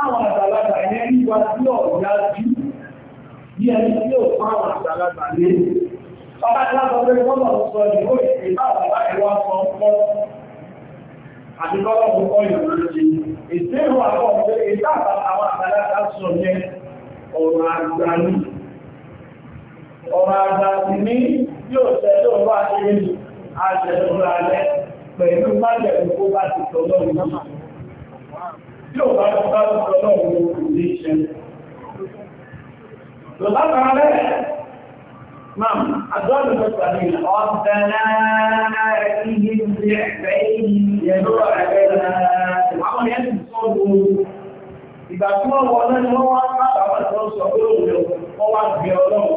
Àwọn àgbàlagbà ẹ̀yẹ́ nígbà tí ọ̀gá àwọn àti kọ́lọ̀ fún ọyọ̀ lórí ètò ìrù àpọ̀ pé ètò àwọn àtàlátà sọ jẹ́ ọ̀rọ̀ àgbà ní ọ̀rọ̀ àgbà ti ní yóò tẹ́lẹ̀ ọ̀rọ̀ àṣírí àṣẹ̀lẹ̀ alẹ́ pẹ̀lú májẹ̀lú kó bá ti tọ́lọ́rùn náà yóò bá ti tọ́lọ́rùn نعم الدول المستقبلين ربنا آتهم ضعفين يدور علينا العمل يجب صوته ìgbà tí wọ́n wọ náà ni wọ́n wá sábàbà tí wọ́n sọ pé òun wọ́n wá bí ọlọ́run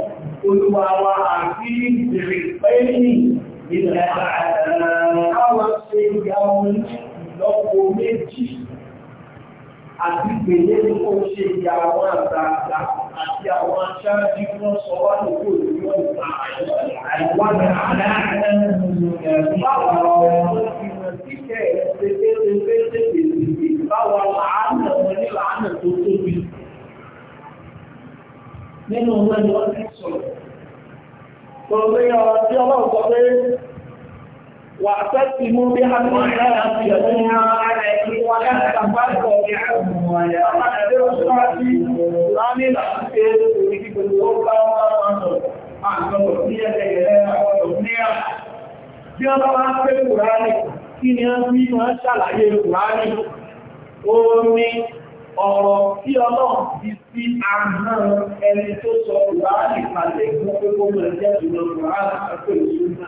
olúwa wa àti ìbèrè ní kó ṣe ìyàwó àtàkà àti àwọn aṣáájú wọ́n sọ wá lókò Nínú ọmọ ni ti sọ̀rọ̀. Tọ́lé ọ̀rọ̀ tí ọlọ́run pé واعتصموا بحبل الله جميعا ولا تفرقوا Bí wọ́n bá máa ń pé Kùránì, kí ni wọ́n bí máa ṣàlàyé Kùránì? Ó ní ọ̀rọ̀ tí ọlọ́run ti sí àmọ́ ẹni tó sọ Kùránì pàtẹ́ fún pé kó mọ̀ jẹ́ ìlọ Kùránì àpẹẹrẹ ìṣúná.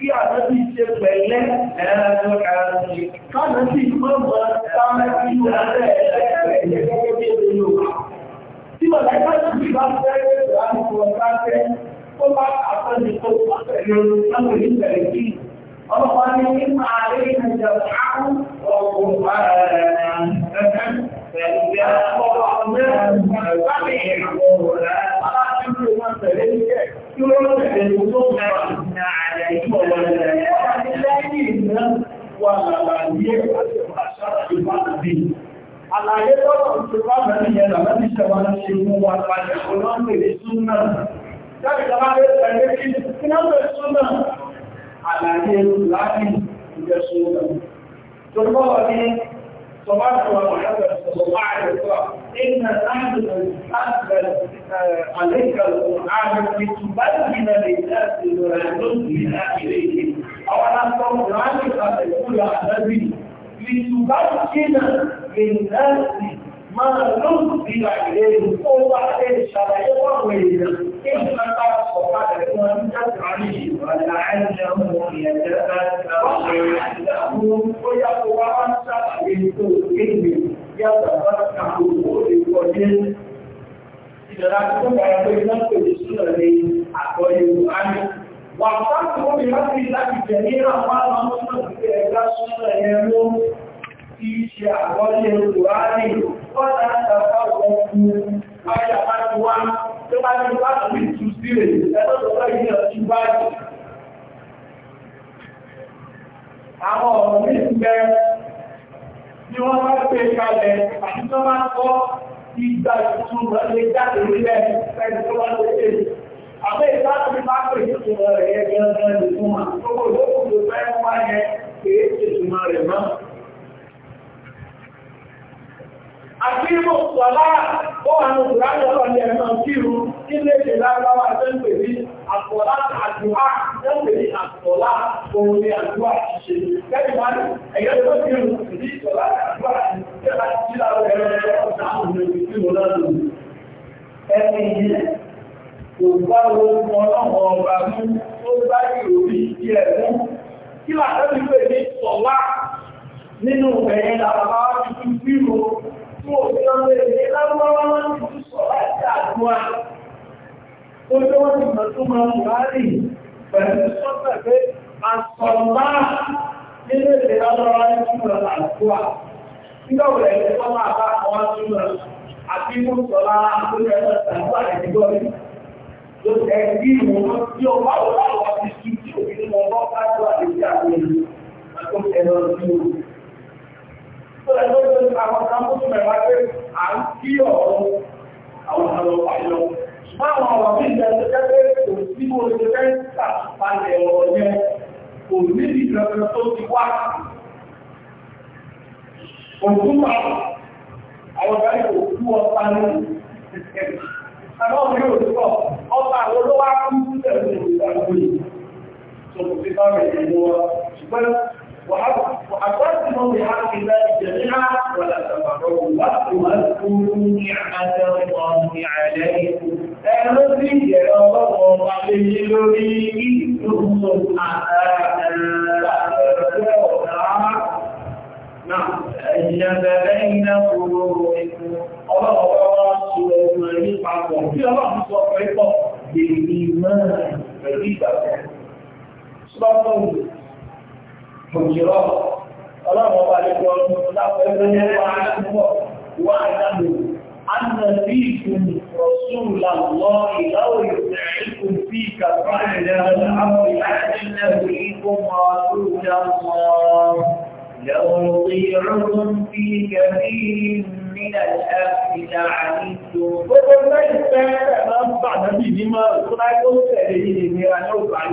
kí àdábì ṣe pẹ̀lẹ́ ẹ̀rọ àti kánàbì mọ́mọ́ sáàmì ààrẹ ẹ̀ẹ́rẹ̀ Tí bàbá ìpájọ́bì bá fẹ́ àmìkọ̀ọ́ bá fẹ́, ó bá àpọ́jù tó pàtẹ̀lẹ̀ lọ́wọ́ ìpẹ̀lẹ̀ kí. Ọlọ́pàá ní nípa ààrẹ ìrìnàjò àwọn ọkọ̀ ààrẹ ẹ̀ẹ́rẹ̀ pẹ̀lú bí a kọ́ ti mú wa padà olóńgbèrè súnmọ̀. Dábìtàbá lè pẹ̀lú kí kí náà pẹ̀lú súnmọ̀ àlàyé láti ìjẹ súnmọ̀. Tó bọ́ ní Sọ̀bátàwà Mọ̀lẹ́bẹ̀ sọ̀bọ̀ àìrẹ̀kọ́, ìgbà láti àlẹ́kàlù ààrẹ ìtùbá ìgbìnà lè jẹ́ ìrọ̀lẹ́ lóògbé láti rẹ̀ ìgbìnà. Àwọn alákọ̀ọ́ láti àtẹ̀kùnlẹ̀ àdábì, ìtùbá ìgbìnà lè jẹ́ ìrọ̀lẹ́ máa lóòrùn bí àìlè ìrùkó wá lè ṣàlàyé wọ́n èèyàn kí n máa bá sọ padà tí wọ́n ń jáde àárín ìwọ̀nà àìjẹ́ ọmọ ìyẹ̀jẹ́ Wàtàkùn omi láti láti jẹ̀ ní àwọn àwọn ọmọ ìgbẹ̀ẹ́gbá súnmọ̀ ẹ̀rọ tí í ṣe àwọlé olùwárí ọ̀dá àtàkọ́ ọkùnrin ayà bá ti wá tó bá ti wá sí ìtú sílẹ̀ ẹgbẹ́sọ̀tọ́ ilé ọtí báyìí àwọn ọ̀rọ̀ ní ìgbẹ́ tí wọ́n bá pè kalẹ̀ àti tó bá kọ́ ìgbà tuntun rẹ̀ lè jáde nílẹ̀ pẹ̀lú tó bá lókè àbẹ́ ìsáàtì bá pè tuntun rẹ̀ yẹ gẹ́gẹ́ lè fún wa gbogbo ìlú òkú tó fẹ́ wáyẹ kèé tuntun rẹ̀ náà Àkírímọ̀ sọ̀lá ó wà ní òkúrádì ọlọ́ni ẹ̀mọ́ kírù kí lè ṣe lágbàwà tẹ́ǹpẹ̀ ní àkọ̀lá àdúrà tẹ́ǹpẹ̀ ní àkọ̀lá ohun ní àdúrà ṣe. Kẹ́bí wá ní ẹ̀yẹ́ tó kírù ní ìṣọ̀lá àdúrà ní kẹ́bá ti láwọ́ ẹ̀rọ ọ̀sán àwọn ohun ìrìn lọ́nà lòdì. Ẹni yìí kò bá orúkọ ọlọ́wọ́ ọba mú tó bá ìròyìn ìjẹ́ ẹ̀mú. Kí làtẹ́bí pè ní sọ̀lá nínú ẹ̀yẹn làbàbá wá tuntun fún òfin ọmọ èdè lágbọ́wọ́ wọn ti tún sọ láti àdúrà. Ó ní wọ́n ti mọ̀ tó máa wà rí pẹ̀lú sọ́tà pé àsọ̀mbá nínú èdè lágbọ́wọ́ ní túnmọ̀ àdúrà. Nígbà wo ẹ̀jẹ̀ tó máa bá àwọn túnmọ̀ àti mú sọ̀lá lórí ẹ̀rọ ìtàgbà ìdígbọ́ rí àwọn sáàmùsù mẹ́wàá pé à ń kí ọ̀rọ̀ àwọn ọ̀pàá ìlọ. Ṣùgbọ́n àwọn ọ̀rọ̀ bí ìjẹ́ tó jẹ́ pé kò sí mo ṣe fẹ́ ṣàpalẹ̀ ọ̀rọ̀ yẹn kò ní ìjọba tó ti wá. Òkúpa àwọn ọ̀gá ìkòkú ọ̀pá ní àwọn ọ̀rẹ́ òṣùpọ̀ ọ̀pá àwọn olówó وأقسم بحق الله جميعا ولا تفرقوا واذكروا نعمة الله عليكم أرضي يا الله قليل لي ثم نعم أجل بين قلوبكم الله سبحانه يفعل في الله سبحانه بالإيمان فإذا سبحانه òjìrọ ọlọ́run ọba àlejò ọdún láwọn ẹgbẹ́ wà lọ́pọ̀ wà ìdáàbò annàbí ìkùn rọ̀súùlà lọ ìdáwò ìrìnkùn sí ìkàfà ìrìnlẹ̀ àwọn ìlàjìnlẹ̀ ìkùn mọ̀ọ́lùjá mọ̀ọ́ لو طيعهم في كثير من الأمر لعنتم فقل ما يستهدى ما بعد في دماء القرآن قلت لديه من أنه بعد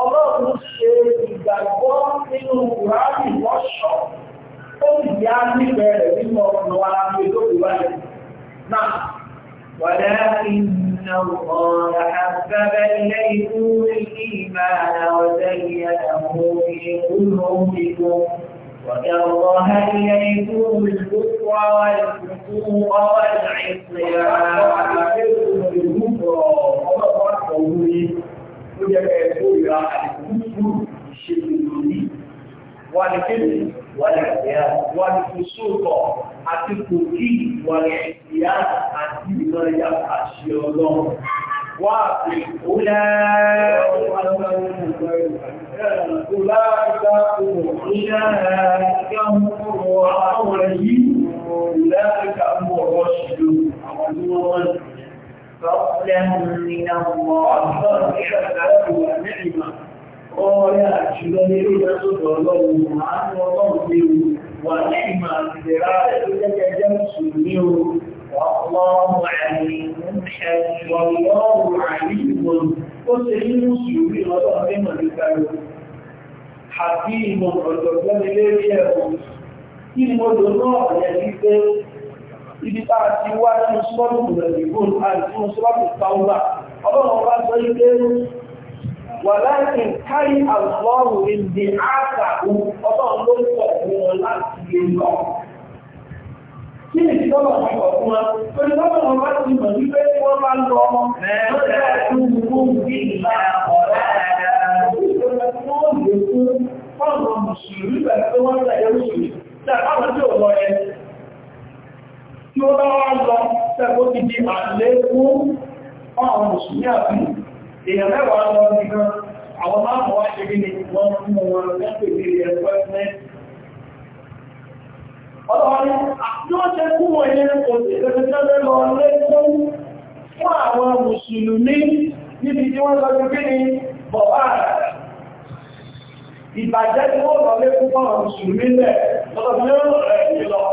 ọlọ́run ṣe ìgbàgbọ́ nínú ìwádìí lọ́ṣọ́ ó sì yá nífẹ̀ẹ́ rẹ̀ nínú ọ̀nà ara lórí wáyé náà. ولكن الله حبب إليكم الإيمان وزينه في قلوبكم وكره إليكم الكفر والفسوق والعصيان tó jẹ́ pé ẹ̀kọ́ ìra àdìkú ṣe lòlò ní wà ní kéde wà ní ẹ̀yà wà ní kò sóòtọ̀ àti kò kí wà ní ẹ̀yà àti ìmọ̀lẹ́yà àṣẹ ọlọ́run wà pé ó lẹ́ẹ̀ẹ́ Oláàrídá ohun ìyá ẹ̀ẹ́gbẹ́ mú ọ̀rọ̀ àwọn ẹ̀yí, oláàrídá mú ọ̀rọ̀ ṣìlú àwọn ìwọ̀n فَأَقْلَمُ مِنَ اللَّهِ فَرْحَةً وَنِعْمَةً Ọ̀rẹ́ àjùlọ ní orí ìdásọ́dọ̀ ọlọ́run àánú ọlọ́run ní o, wà ní ìmọ̀ àtìdẹ̀rá rẹ̀ tó jẹ́jẹ́ jẹ́ ọ̀dọ̀gbọ́n ilé rí ẹ̀kọ́. Kí ni mo lò náà rẹ̀ wípé ibi tá a ti wá nínú sọ́ọ̀tù rẹ̀ nìgbò àti nínú sọ́ọ̀tù táwùlà ọlọ́run ọba sọ wípé wà láti kárí àlọ́rù ìdí àtàkù ọlọ́run ló ń sọ fún wọn láti lè lọ. Kí ni kí lọ́wọ́ ti kọ̀ fún wa? Torí lọ́wọ́ wọn bá ti mọ̀ wípé tí wọ́n bá lọ ọmọ lọ́dẹ̀ àdúgbò bí ìlà ọ̀rẹ́ àdá. Ìjọba tí wọ́n lè fún fọ́ọ̀mù mùsùlùmí pẹ̀lú wọ́n tẹ̀lé mùsùlùmí. Ṣé àwọn tí ò lọ ẹ tí ó bá wá lọ tẹ́kó ti di àlékún àwọn mùsùlùmí àti èèyàn mẹ́wàá lọ nìkan àwọn márùn-ún wá ṣe gíní wọ́n fún wọn lẹ́pẹ̀ ní ẹ̀kọ́ ẹ̀mẹ́ ọlọ́rin àti ó ṣe kú wọ́n yẹn kò sí ìrẹsẹ̀lẹ́ lọ lẹ́kún fún tí wọ́n lọ sí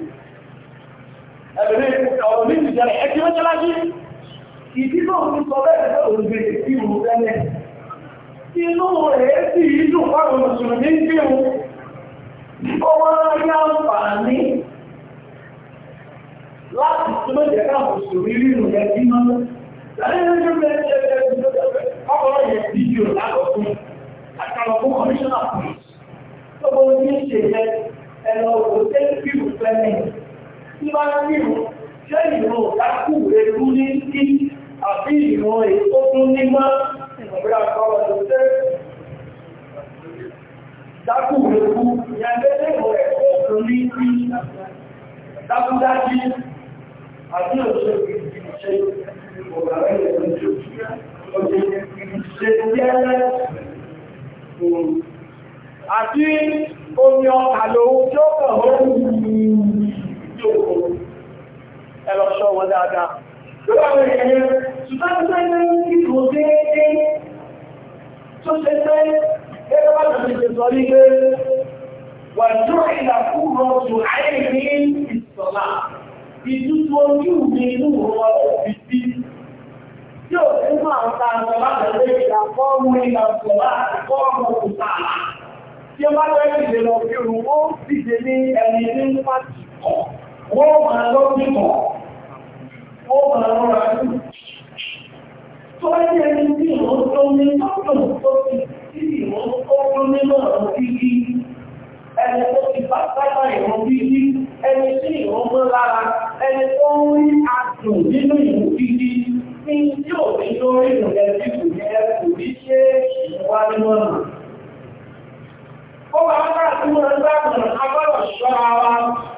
ẹ̀bẹ̀rẹ̀ ọ̀rọ̀ ní ìjẹrẹ ẹ̀kí mẹ́tẹ́lájí ìdí náà ń sọ bẹ́ẹ̀ pé òun gbé sí ìwò tẹ́lẹ̀ inú rẹ̀ sì ìlú fáwọn mùsùlùmí ń gbé wọn ó wọ́n rí àǹfààní láti tó ló jẹ́ káà mùsùlùmí rírun yẹn bí mọ́ ọkọ̀rọ̀ yẹn fídíò lágọ̀kún àkàlọ̀kún kọmíṣánná fún ìṣòro ní ṣe yẹ ẹ̀rọ òṣèlú fíìmù tí bá ń rírun ṣé ìrùn kákù ewu ní kí àbí ìrùn èso tún ní mọ́ ìrọ̀bíra kọ́rọ̀ tó tẹ́ dákù ewu ìyàgbẹ́lẹ́ ìrọ̀ ẹ̀kọ́ tún ní kí dákúdájí àbí òṣèlú ìṣẹ́ ọ̀gbàrẹ́ ìrọ̀lẹ́jọ́ Àti omi ọkà lòun tí ó kàn ó rú sí òkú ẹ lọ sọ wọn dáadáa. Tó bá wọ ẹ̀yẹ, ṣùgbọ́n tó ń gbé ìlú déédéé tó ṣe pé gẹ́gẹ́ bá tàbí ṣe sọ ní pé wà tó ìlà kúrò tó ayé ní ìsọ̀lá. Ìtútù ojú mi inú rọ òbí sí. Tí ò sí máa ta àwọn alábẹ̀lẹ̀ ìlà fọ́ọ̀mù ìlà sọ̀lá àti fọ́ọ̀mù òkúta. Tí ó bá lọ́ọ́ ìdè lọ fi òun ó dìde ní ẹni ní pàtì kọ̀ wọ́n máa lọ bí mọ̀ wọ́n máa lọ́ra jù tó ẹgbẹ́ ẹni tí ìwọ́n tó ní tọ́tùn tó ti tí ẹni tó ti bá sábà ìwọ́n bíbí ẹni tí ìwọ́n mọ́ lára ẹni tó ń rí àdùn nínú ìwọ́n bíbí ní tí ò ní lórí ìrìnlẹ̀ bí kò jẹ́ kò ní ṣe ìwà nínú ọ̀nà ó wà bá àtúnwọ̀n gbàgbọ̀n agbọ́dọ̀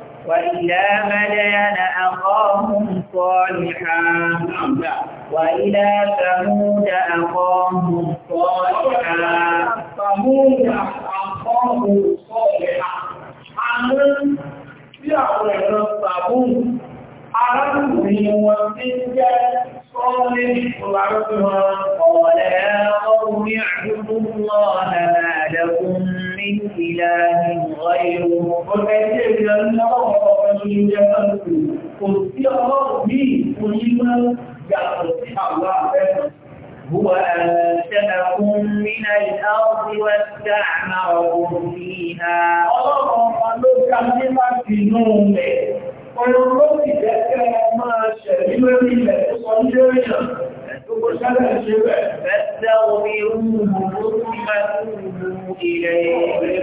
وإلى مدين أخاهم صالحا وإلى ثمود أخاهم صالحا ثمود أخاهم صالحا عمرو يعرف ثمود عرفه وسجد صالح قال يا قوم اعبدوا الله ما لكم من إله غيره وكذب الله فإنه قصر به قلما يقصح الله هو أنشأكم من الأرض واستعمركم فيها الله قال له كم Ọ̀rọ̀ ló ti jẹ́ kẹ́ máa ṣẹ̀rí lórí ilẹ̀ tó sọ ní lórí ìyàn. Gbogbo ṣẹlẹ̀ ṣe rẹ̀. Ẹ̀sẹ̀ omi rúrùn ló tún máa rúrùn ilẹ̀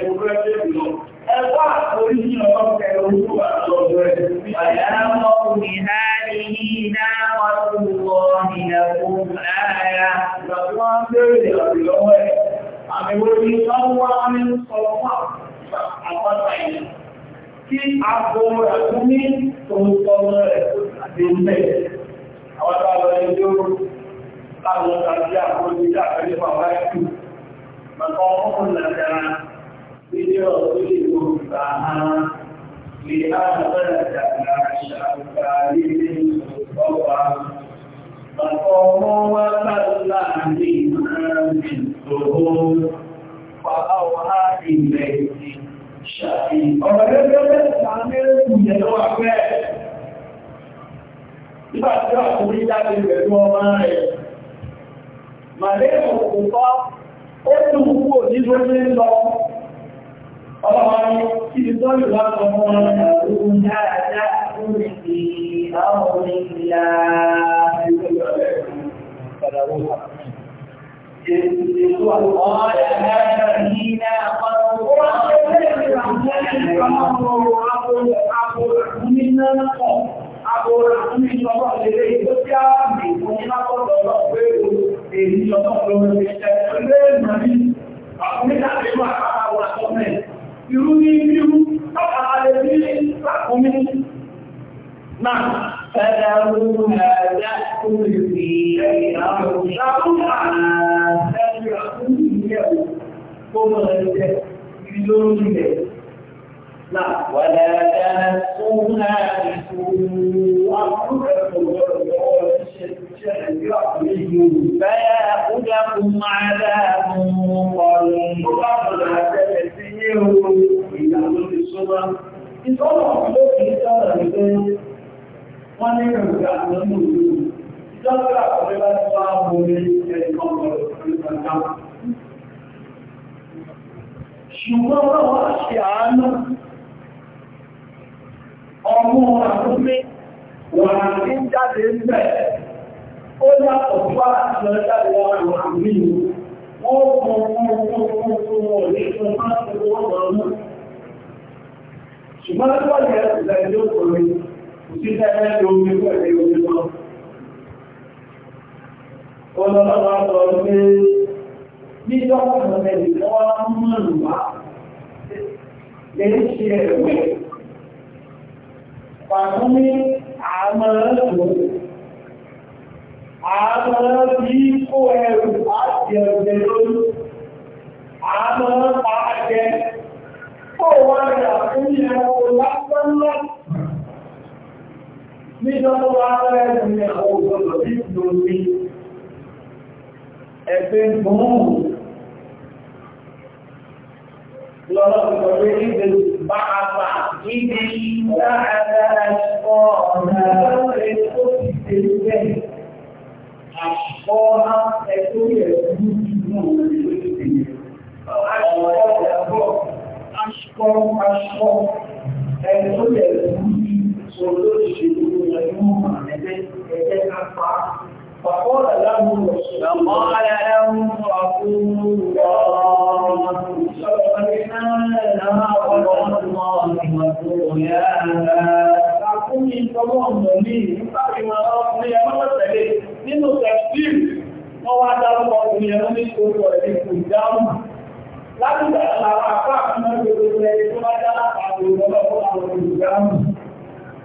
ìgbẹ̀rẹ̀ Ẹwà orí ọmọ kẹrù ojú àjọ̀dọ̀ ẹ̀. Àyàmọ́ òmì láàrin iná wọ́n tún lọ ìlẹ̀kùn ààrẹ. Ìgbàgbọ́n bèèrè ọ̀rẹ́lọ́wọ́ ẹ̀. Àmì orí ọwọ́ àmì sọ̀rọ̀ wà àpáta ìlú kí àbò rẹ̀ fún ní tòótọ́mọ rẹ̀ àti ilẹ̀. Àwọn àbára ẹjọ́ láwọn tàbí àkójú àkàrí bàbá ẹ̀kù. Màkà ọkùnrin nàdàrà nílé ọ̀tọ́ lè lò gbà áhà lè áhà bẹ̀rẹ̀ dàgbà ṣàkà lílé ọ̀pá. Màkà ọmọ wa ọ̀rẹ́ gẹ́gẹ́ sàmẹ́ ìyẹ̀ lọ́wọ́ pẹ́ nígbà tí wà tó rí jáde pẹ̀lú ọmọ rẹ̀ màlẹ́ òkùnkọ́ ó tún kú òní ló ní lọ ọmọ wọn ni kí ni tọ́lù wá sọ mọ́ ọ̀rún dáadáa ó rìn sí àwọn orin ìlà ẹgbẹ̀rẹ̀ قال هذه ناقة Àwọn àmì ìjọba lèrè tó tí a mì fún ní lápọ̀lọ̀ lọ pé èyí ìjọba lọ́wọ́ ìṣẹ́ ẹgbẹ́ ìrìnàmí. Àwọn ìdájẹ́ wà àwọn àtọ́mẹ́. Irú ní irú, tọ́kàlẹ̀ bí lákùnmí نعم فلولا تأكل في أرضها قبلت بلونها نعم ولا تمسوها بسوء فيأخذكم عذاب قريب ولا تأتيه إلى أمر الصبر إن الله لو wọ́n ní ìrìnlẹ̀ àlọ́nà òjò ìjọba àkọ́lẹ́ bá ti wá wọlé ẹni kọ́kọ́ ṣùgbọ́n wọ́n ṣe àánú ọmọ àkúgbé wà ní jáde ń bẹ̀ ó yàtọ̀ fún àtìlọ jáde wà ní àmì wọ́n kún fún fún fún fún wọ́n lè fún máa ń fún wọ́n lọ́nà ṣùgbọ́n tí wọ́n yẹ òṣìṣẹ́ ẹ̀rẹ́ tó gbé pẹ̀lú omi lọ. Ọlọ́lọ́wọ́ sọ pé ní dọ́kùnrin ẹ̀dì lọ́wọ́ mọ́rùn wá lè ṣe ẹ̀wẹ̀. Pàtó ní àmọ́ ẹ̀rọ Àmọ́ bí kó ẹrù láti ẹ̀rùjẹ lórí, àmọ́ pàájẹ, kó wá rẹ̀ àkúnyẹ̀ ọ̀rọ̀ lásánlọ́pù nínú ara ẹni ọgbọ̀gbọ̀ bí lórí ẹgbẹ́ gbọ́n lọ́rọ̀ ìgbọ̀gbẹ́ ìgbẹ̀ bá àpá ìdí láàrẹ ẹ̀ṣọ́ ọ̀nà ẹ̀ṣọ́ tó ti tẹ̀lé bẹ́ẹ̀ àṣọ́ ẹ̀ṣọ́ ìrẹ̀lú ìgbọ̀n Aṣọ́ ẹ̀ṣọ́ ẹ̀ṣọ́ ẹ̀ṣọ́ ẹ̀ṣọ́ فقال لهم فقال لهم رسول الله سبحنا لنا وقال الله وقول يا أقول الله مني فقم ربي مرتبه من تكفير ووعد الله يمني كل وليك الدم لكن أنا أعرف أن الرجل يتمدى أن يقول الله الدم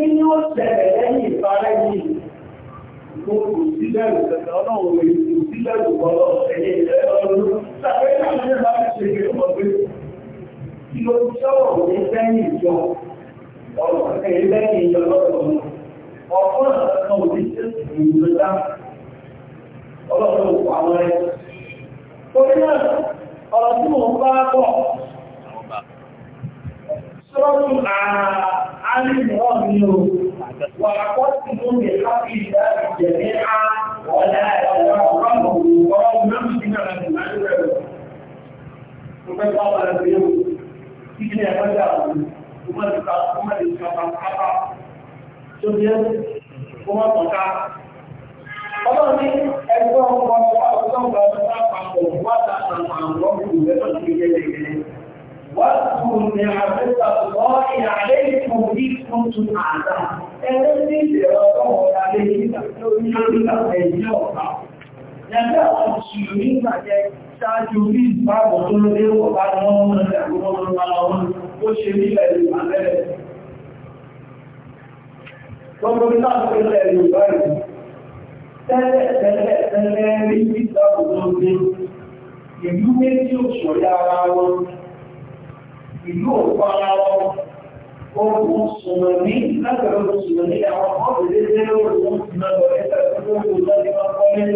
kí ni ó ṣẹlẹ̀ lẹ́yìn ìparẹ́ yìí mo kò sí lẹ́rù tẹ̀sán ọlọ́run rẹ̀ kò sí lẹ́rù bọ́lọ̀ ẹ̀yẹ ìlẹ́rọ̀ ọdún àwọn ẹ̀ torí náà ọ̀rọ̀ tí mo bá bọ̀ sọ́rọ̀ علمهم وقتلوا بحق الله جميعا ولا يتقربوا قوما من المعلوم ومن قال اليوم إذن يبدأ ومن قال ومن قال شو ومن قال Ọlọ́run ní ẹgbẹ́ ọmọ ọmọ ọlọ́gbà ọmọ àpapọ̀ wọ́n tàbí àwọn ọmọ ìgbẹ́sọ̀ sí ilé ẹgbẹ́. واذكروا ìlú méjì òṣòrí ara wọn ìlú òkú ara wọn ogun sùnmọ̀mí lágbàdo sùnmọ̀mí àwọn ọ̀dọ̀ déédéé lórí wọn ti máa lọ ẹgbẹ́ tó ń lò láti máa kọ́ lé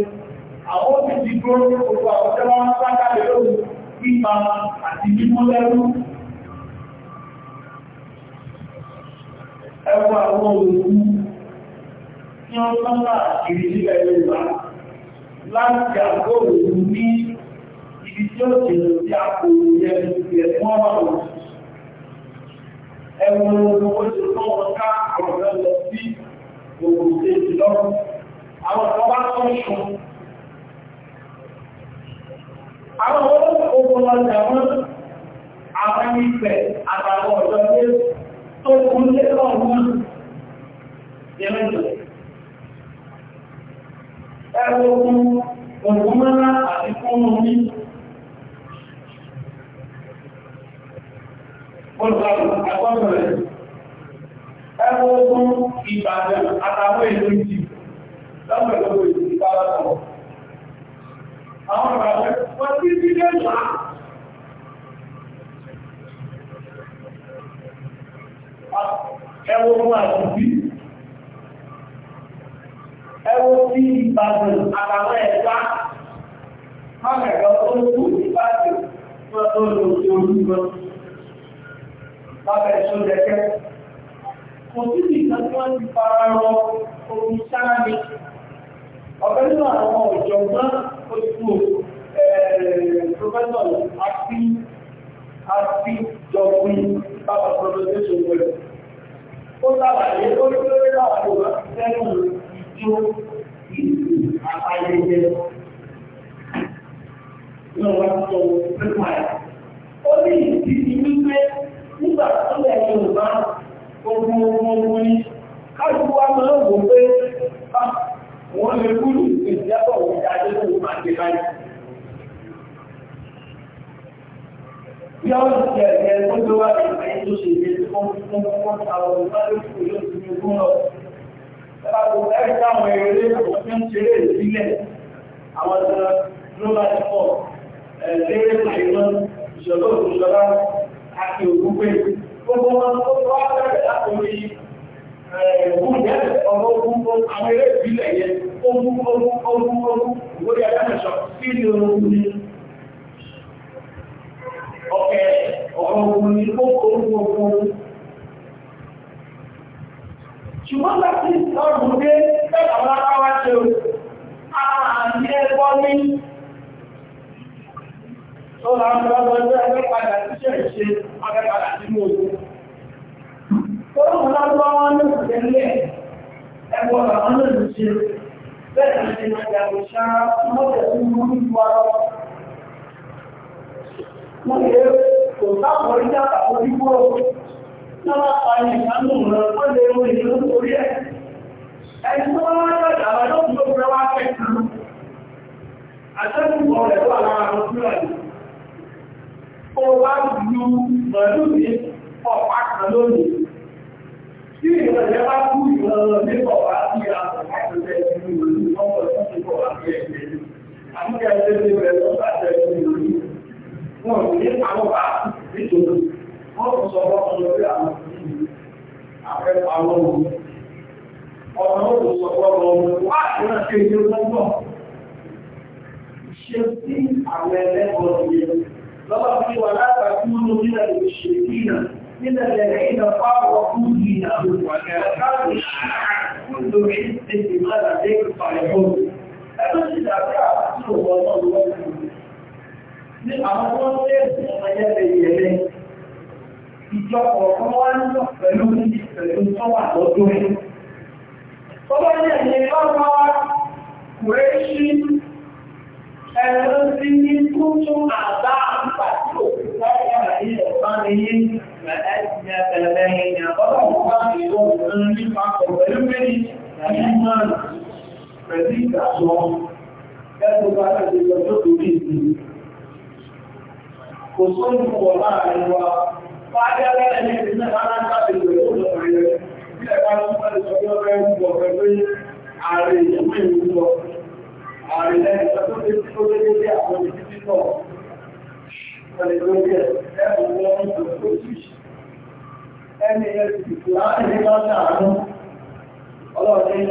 àwọn ti ti dúró ní gbogbo àwọn tẹ́ wọ́n bá jáde lórí pípa àti mímú lẹ́rú ẹwà àwọn olùkú tí wọ́n tán láàkiri sí ẹgbẹ́ ìgbà láti àgbò òun ní ibi tí ó jẹ́ sí àpò ìyẹn ẹ̀fún ọmọ òun ẹwọ́n ogun ó ti tọ́ wọn ká àwọn ọ̀rẹ́ lọ sí òkú tèjì lọ́rùn àwọn ọ̀rọ̀ bá tọ́ ṣùn àwọn ọ̀rọ̀ ogun ọjà wọn àwọn ìfẹ́ àtàwọn ọ̀dọ́ pé tó kún lé lọ́rùn ìrìnlẹ̀ ẹwọ́n ogun ògùn mọ́lá àti fún omi olùgbàlù rẹ̀. Ẹwọ ogun Ìbàdàn àtàwọn èlò ìjì lọ́pẹ̀lọpọ̀ ìlú ìbáratọ̀. Àwọn ìbàdàn wọ́n tí sí lábẹ́ èso jẹ́kẹ́. Kò sí nìkan tí ti fara omi sára mi. Ọ̀pẹ́ nínú àwọn ọ̀jọ̀gbọ́n oṣù Prọfẹ́sọ̀ Prọfẹ́sọ̀ Ó ní ìdí ní wípé nígbà tó lẹ̀ Yorùbá ogun ogun ogun ni káàkiri máa wò pé ah, wọ́n lè kúrò ìjẹ́bọ̀ wọ́n àwọn olùbádókòó yóò ti ní ogún ìṣọ̀lọ́ òṣùṣọ́lá àti òkúgbé gbogbo wọn tó wá bẹ̀rẹ̀ láti orí ìgbúnjẹ́ ọ̀rọ̀ ogun àwọn eré ìbílẹ̀ yẹn ogun ogun ogun ogun lórí adájọ́ sí ni ogun ni ọ̀kẹ́ ọ̀rọ̀ ogun ni ó ogun ogun ṣùgbọ́n láti ọdún dé fẹ́ àwọn aráwá ṣe àmì ẹgbọ́n ní tó ọ̀rẹ́ wà lára àwọn fúlàní ó wá ju pẹ̀lú ní ọ̀pá kan lónìí. Tí ìrọ̀lẹ́ bá kú ìrọ̀lẹ́ nípa wá sí àwọn ọ̀pọ̀lọpọ̀ ẹgbẹ̀rún ìlú ọmọ ìfúnpọ̀ wá sí ẹgbẹ̀rún. Àmúkẹ́ ẹgbẹ̀rún rẹ̀ lọ́pàá ẹgbẹ̀rún ìlú. Wọ́n ò ní àwọn bá nítorí. Wọ́n kò sọ ọmọ lórí àwọn ìlú. Àfẹ́fà wọn ò. Ọ̀nà ó kò sọ ọmọ lọ́wọ́ wà látàkú nínú ìṣèkínà nílẹ̀ lẹ́yìn fáwọn ọkùnrin àwọn Ìjọpọ̀ ọmọ wá ní pẹ̀lú pẹ̀lú tọ́wà lọ́dún. Tọ́wà ní ẹ̀yẹ bá wá kùrẹ́ sí ẹ̀rọ sí ní tuntun àbá àǹfà tí ò fi sáré àlàyé ẹ̀fá ni yín bẹ̀rẹ̀ ti ẹ̀ bẹ̀rẹ̀ lẹ́yìn àbọ̀dọ̀ bá ti lọ òun nípa pọ̀ pẹ̀lú méjì tàbí máa pẹ̀lú ìgbàgbọ́ ẹ̀sùn bá ti lọ tó tóbi ìsìn. Kò ààrẹ lẹ́yìn tó tó tó tó tó tó àwọn ìdíjí náà wọlé lórí ẹ̀ lẹ́yìn lọ́wọ́ tó tó sì ẹni ẹ̀ sì tó láti bá ṣàánú ọlọ́ọ̀dẹ́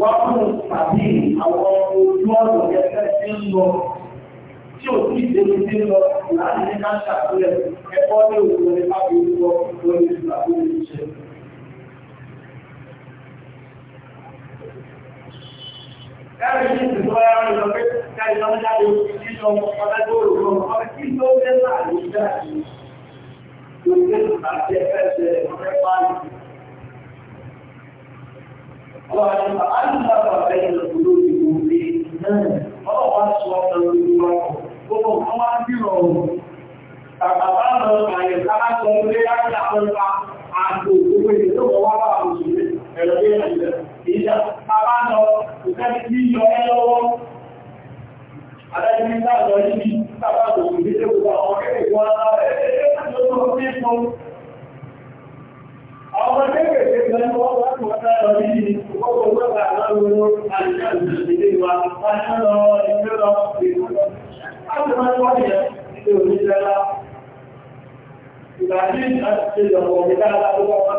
wọ́n fún tàbí àwọn ojú ọ̀nà ẹgbẹ́ tí ń lọ tí ò sí ìdèmí tí ń lọ láti ní ká ṣàkóyẹ̀ ẹ̀kọ́ ní òkú ní pàbí orúkọ lórí ìgbà tó ń ṣe. Káàrí ní ìsìnkọ́ ẹ̀rọ ìlọ́pẹ́ káàrí lọ́mọdáde òkú ní ọmọ ọmọdé òòrùn ọmọ ọmọ kí ló dé láàrin ìdájí. Yóò dé láti ẹgbẹ́ ẹgbẹ́ ẹgbẹ́ pàálù. Ọlọ́run bá á ń sábà bẹ́ẹ̀ lọ kúrò ìwò ní náà. Ọlọ́run wá sọ ọ̀nà lórí ọkọ̀. Gbogbo nǹkan wá ń dìrọ̀ ọ̀rùn. Bàbá bá lọ àyè sábà sọ pé láti àwọn àgbò gbogbo ìdílé wọn wá bá àwọn òṣèlú ẹ̀rọ ìjà bàbá lọ òkèbí tí yọ ẹ lọ́wọ́ adájú nígbà lọ níbi sábà kò sì dé gbogbo àwọn kéèkéé wọn lára Àwọn kéèkéé kan ní wọ́n wọ́n wọ́n tẹ́ lọ níbi ìkókò gbọ́gbà lọ́wọ́ àìjọ́ ìdílé wa, wọ́n tẹ́ lọ ìgbé lọ ìgbé. Láti máa ń wọ́n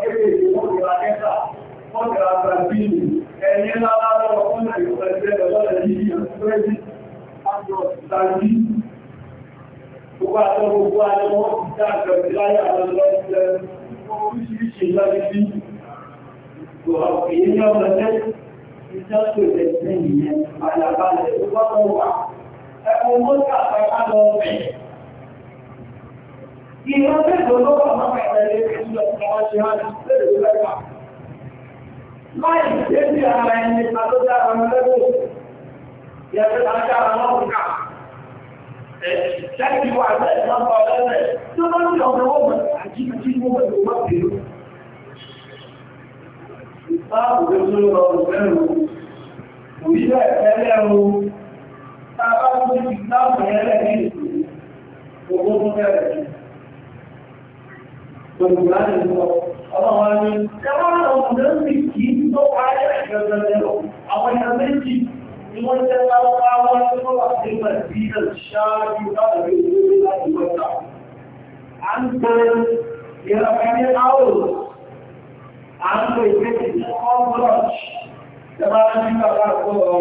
yẹn ọjà àgbàgbìnì ẹ̀yẹ lálárọ̀ fún ìpẹ̀lẹ̀ lọ́lẹ̀ yìí àtúrẹ́jì àjọ ìtàjí gbogbo àjọ gbogbo àjọ wọ́n ti dá tó gbọ́dọ̀ wà ẹ̀kùn mọ́ta àpapọ̀ ọ̀fẹ́ láì ṣe bí ara ẹni àtọ́já àwọn ẹlẹ́gbò yẹ̀fẹ́ àjá àwọn ọ̀gá ẹ̀ẹ́dẹ́gbì wà lẹ́ẹ̀ lọ́pọ̀ lẹ́ẹ̀ tó bá ní ọ̀gá ọ̀gá àjíkàjí gbogbo ìwọ́n pẹ̀lú Táàbù tó tó lọ bẹ̀rù, òṣìṣẹ́ ẹ̀ẹ́lẹ́ o, tàbá tó ti fi táàbù ẹ̀ẹ́lẹ́ ní ìsìn, ògbó tó bẹ̀rẹ̀. Tòlùgbà ní ọlọ́wọ́ ni, kẹwàá ọ̀gbọ̀n ti kìí tó parí gẹ̀gẹ̀rẹ̀ àwọn ẹ̀rọ méjì ni wọ́n jẹ́ lárọ́pàá tí wọ́n wà ní mẹ̀sílẹ̀ ṣáájú láàrin ìlú láti wọ́ta. a ń pè ìrọ̀kẹ́ ní áwòrò a ń pè ìgbésí ní ọ́gbọ́lọ́ṣ tẹ́bá ní bàbá àkọ́lọ́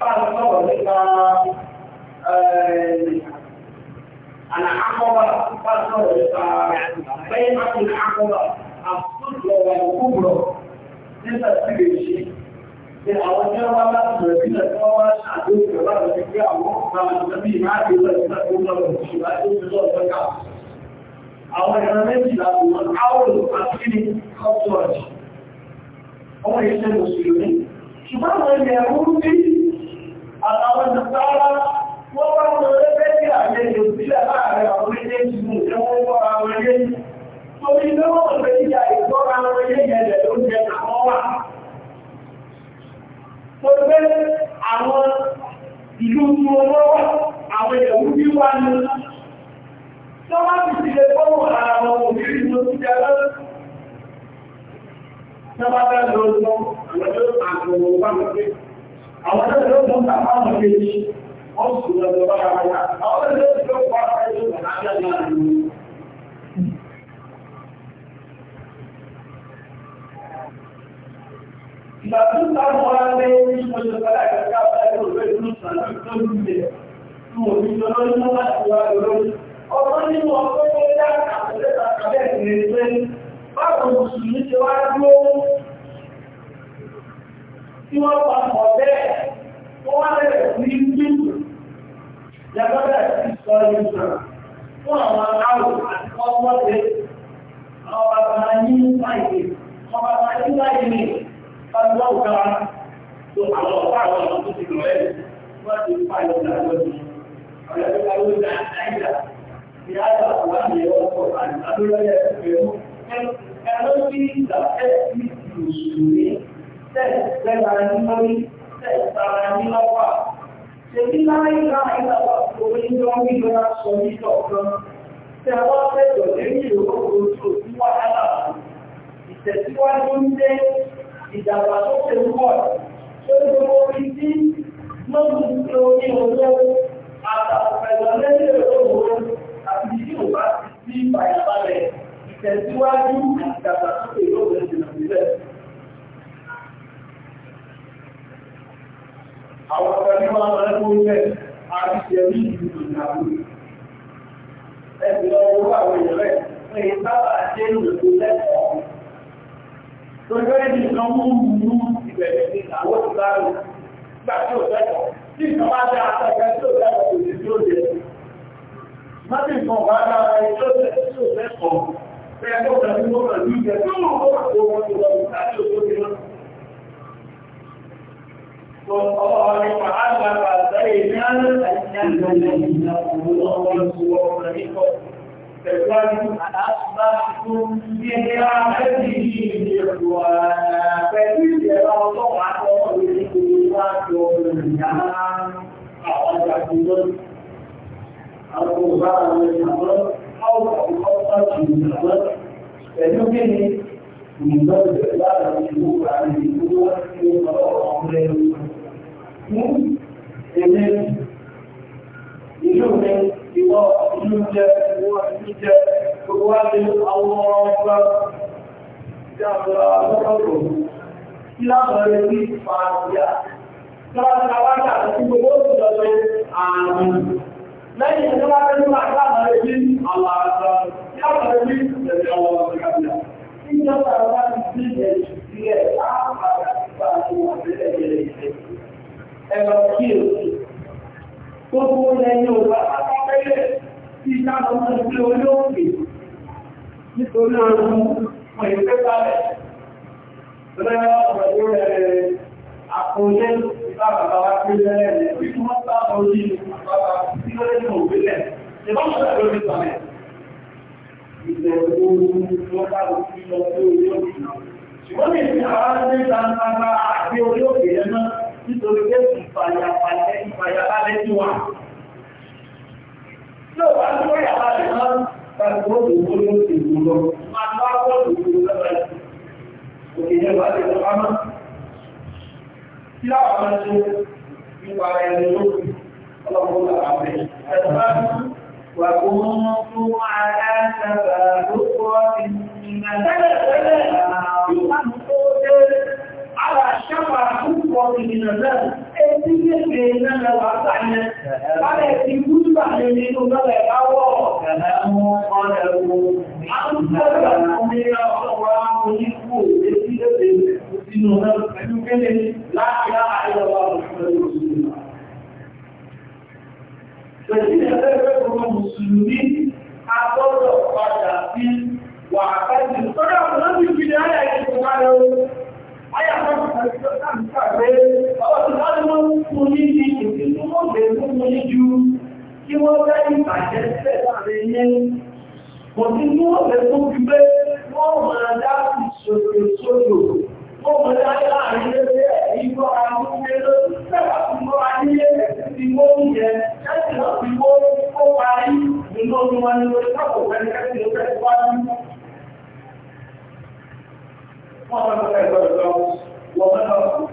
Báyìí sọ̀rọ̀ nípa العقبة فصل بيعة العقبة الصدر والكبرى nígbà tí lè ṣe ní àwọn tí wọ́n bá bẹ̀rẹ̀ sí lẹ̀ tó wá ṣàdúrà ìjọba rẹ̀ pé àwọn ọ̀gá ìjọbí ìmáàdé lọ sí ẹ̀kọ́ lọ́wọ́ ìṣúra tó ti lọ sọ́kà. Àwọn ìran méjì láti wọn áwòrò àti ní kọ́tọ̀ọ̀jì. Ọmọ ìṣẹ́ Mùsùlùmí. Ṣùgbọ́n àwọn ilẹ̀ ẹ̀kọ́ bí àtàwọn ìjọba wọ́n bá mọ̀ ẹgbẹ́ tí àjẹjọ sílẹ̀ láàrin àwọn méjèèjì mú ìjọwọ́ wọ́n àwọn méjèèjì torí ní wọ́n mọ̀ pé ìyá ìgbọ́ra àwọn méjèèjì ẹ̀jẹ̀ ló jẹ àwọn wà. mo gbé àwọn ìlú tí wọ́n wà àwọn ìyẹ̀wù bí wà ní Tọ́wọ́ ti ti lè gbọ́wọ́ ara wọn òbí rí ló ti jẹ́ lọ́wọ́. Tọ́wọ́ bá lọ́wọ́ àwọn ọjọ́ àgbọ̀wọ̀ wà lọ́wọ́. Àwọn ọjọ́ ìgbà tó táwọn ọrụ wọ́n ní ní láti Ìjàgbọ́dọ̀ ti sọ ìtàn fún àwọn aráàlú àti ọmọdé àwọn bàbá ní láìpé, àwọn bàbá ní láìpé ní ọjọ́ òkà tó àwọn ọ̀pá àwọn ọ̀nà tó ti lọ ẹ̀ wọ́n ti fa ìlọ́dà lọ́dún. Àwọn ẹgbẹ́ ló dá àìdá ní àjà àwọn àmì ọkọ̀ àti abúlọ́lẹ̀ ẹ̀rọ. Ẹ̀rọ sí ní lórí tẹ̀sẹ̀ lára ní lọ́wọ́. Ṣèbí láì láì lọ́wọ́ oníjọ́ ń gbé lọ́la sọ ní a wá fẹ́jọ lẹ́yìn ìrọ̀kọ̀ ojú òbí wà lára ìtẹ̀síwájú ń dé ìdàgbàsókè ń bọ̀ tó ń gbogbo orí tí lọ́dún tí ó ní olówó àtàkùnfẹ̀lọ lẹ́yìn ìrọ̀kọ̀ àti tí ò bá ti sí ìfàyàbalẹ̀ ìtẹ̀síwájú ìdàgbàsókè yóò lè Àwọn akẹ́kọ̀ọ́ máa ń rẹ́kọ̀ọ́ ilẹ̀ àríjẹrí ìlú ìyàwó. Ẹgbẹ̀ ọwọ́ àwọn ìrẹ́ fún ìsábà jẹ́ ìrìnkú lẹ́kọ̀ọ́. Tó gbé ní ìkan mú mú ìbẹ̀rẹ̀ ní àwọn ìbáru gbà tí ó lẹ́kọ̀ọ́. Tí ìkan bá jẹ́ àtẹ́kẹ́ tí ó lẹ́kọ̀ọ́ kò sí والقرآن فعلق بين النبيين ورسوله فكن أصبحتم برحمته إخوانا فذكر طاعة ربكم وتنهى أخرجكم القرآن والحمد أو الخطة والحمد فيمكن من ضرب الإعلام المشهور عن النبوة في قرار أمره mú èdè ìlú rẹ̀ ìwọ̀ ìlú jẹ́ ìwọ̀ ìlú jẹ́ gbogbo wá lè àwọn ọgbà tí a sọ lọ́pọ̀lọpọ̀ tí lábọ̀rẹ̀ sí fàájá tọ́lọ́tàwátà àti gbogbo ìjọba ààrùn lẹ́yìn ìjọba pẹ̀lú àgbàmọ̀rẹ̀ sí àlàáfà tí a sọ̀rẹ̀ sí ẹ̀jọ̀ ọ̀rọ̀ Ìjọba àwọn ìdíje ẹ̀rọ kí èsì gbogbo ẹ̀yìn òwà pátápẹ́lẹ̀ tí ìjánu máa gbé olóògbé nítorí ọdún mọ̀ ìgbé balẹ̀ rẹ̀ ọ̀rọ̀ rẹ̀ àkóyé ìbára wa pé lẹ́rẹ̀ wípé wọ́n bá orí àpapà tí ó lẹ́yìn òwúlẹ̀ ìbámu rẹ̀ lórí sọ̀rẹ̀ ìbẹ̀rù lọ́pàá òfin lọ sí orí òkè ṣùgbọ́n ní ìpínlẹ̀ àwọn ẹgbẹ́ ìta ń nítorí pé ìfàyàfàyà ìfàyàfàyà tí wà. Tí ó bá tí ó yà láti máa gbàgbọ́ òwò ló ti wù lọ, máa tó àgbọ́ òwò lọ́wọ́ ẹ̀. Òkè ní ọba ti lọ́pàá mọ́. Tí àwọn máa ṣe nípa على شفا حفظة من الناس ẹ̀sílẹ̀ lè náà wà sáyẹn lára ẹ̀sí gúúsùgbà lè nínú mẹ́lẹ̀ láwọ́ ẹ̀mọ́ ọ̀rẹ́gbùn àwọn ìgbẹ̀rẹ̀ ọmọ ọ̀rọ̀ àwọn onígbò ẹ̀sílẹ̀ lè sínú náà pẹ̀lú gẹ́lẹ̀ láàrín àìyọ̀wà òṣèlú Kí wọ́n fẹ́ ìbàjẹ́ sílẹ̀ láàrin yẹn, kò sí ní ọ̀fẹ́ tó fi pé wọ́n máa dá ìṣòro sódò, wọ́n máa dá láàrin lẹ́gbẹ́ ìgbọ́ àmúgbé lórí pẹ́pà fún mọ́ ayé ti mọ́ oúnjẹ, láti lọ́ fi mọ́ ó parí nínú omi wọn ni lórí pàpọ̀ pẹ́lú kẹ́sì ló fẹ́ wọ́n máa ń lọ́pẹ́ ìgbọ́dọ̀ lọ wọ́n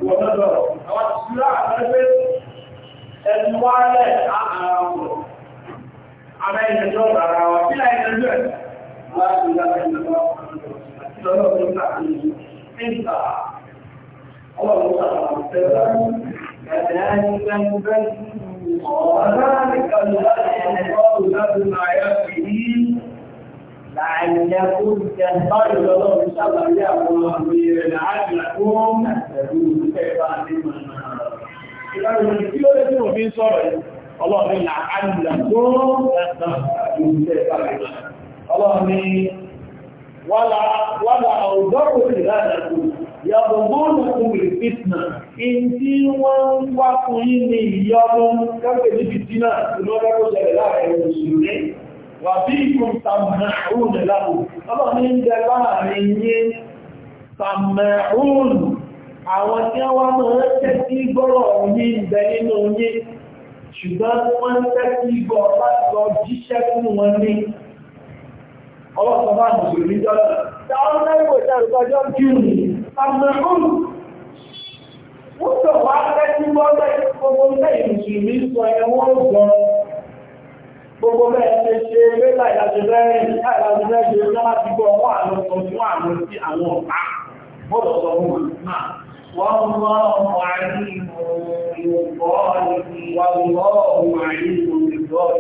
mẹ́lọ wọ́n mẹ́lọ àwọn ìṣúra àtẹ́gbẹ́ ẹnu wálẹ̀ àhàràwọ̀ ara ìrìnàjò rárá wa bí i ìrìnàjò ẹ̀ láti ìlànà ìlànà ìlọ́lọ́ tó ń tàbí ìgbà ọlọ́run sàrà tẹ́lá كذلك نبين وذلك الذي الله لكم آياته لكم تنبغي الله إن شاء الله يأمر لعلكم تهتدون كيف علم Ìgbàlùmí tí ó lè tí mo fi ń sọ̀rọ̀ yìí, ọlọ́run ni làálùlà tó ẹ̀sán ìgbìyànjú ìpàdé. Ọlọ́run ni wàlà ọ̀dọ́rùn ìlànàkùn yàbọ̀gbọ́nàkùn ìfìtìnà, in tí wọ́n ń wá fún yí ni ìyọ́nù kápẹ̀ níbi dínà ìlọ́rẹ́kọ́ wà bí ìkùn tàmẹ̀rún lábò ọlọ́ ní ń jẹ láàrin yí àwọn tí wọ́n máa tẹ́tí gbọ́rọ̀ yí ń bẹ nínú yí ṣùgbọ́n wọ́n tẹ́tí gbọ́ láti jíṣẹ́ fún wọn ní ọlọ́sọ̀bá mùsùlùmí gbogbo bẹ́ẹ̀ ṣe ṣe eré láìdájẹ́ lẹ́rìn láìdájẹ́ lẹ́rìn lọ́wọ́ ti gbọ́ wọ́n àwọn ọmọ fún àwọn sí àwọn ọ̀pá gbọ́dọ̀ sọ fún wọn náà wọ́n mọ́ ọmọ àríwọ̀ ìwọ̀n wọ́n mọ́ ọmọ àríwọ̀ ìwọ̀n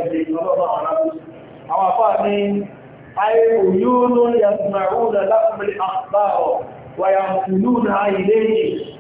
ilé ìjọba àwọn afọ́ ní ayé òyúnú ni a ti máa rúnà lápùpẹ̀lẹ̀ àpá ọ̀ wàyà kùnú náà ilé yìí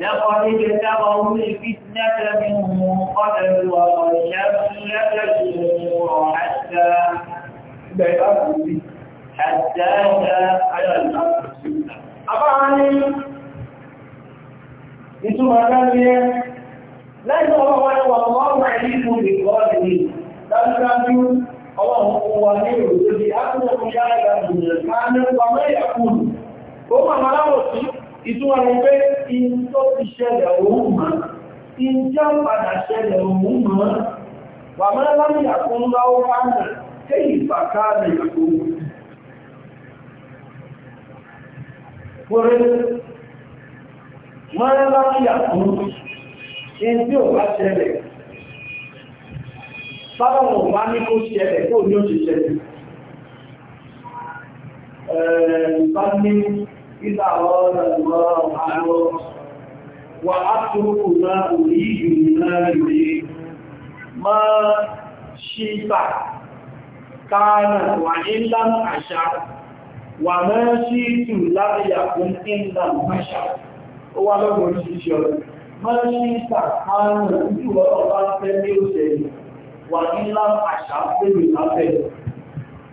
لقد كتبوا الفتنة منهم قبل وقد شملت الأمور حتى حتى جاء على الأرض إنتم أكاديين ليس هو والله عليم بالظالمين لم تكن الله هو الذي أكبر شاهدا من الكامل وما يكون هو مرامه ìtún rẹ̀ pé in tó ti ṣẹlẹ̀ òun mọ́ in já padà ṣẹlẹ̀ òun mọ́ wà máa lámìyà fún láwọ́ fánà tẹ́ ìfàká rẹ̀ ìgbòho wọ́n bá إذا أراد الله عرض وأترك ما أريد مما يريد ما شئت كان وإن لم أشأ وما شئت لم يكن إن لم أشأ هو لم يشأ ما شئت كان وجوه الله سميع وإن لم أشأ لم يكن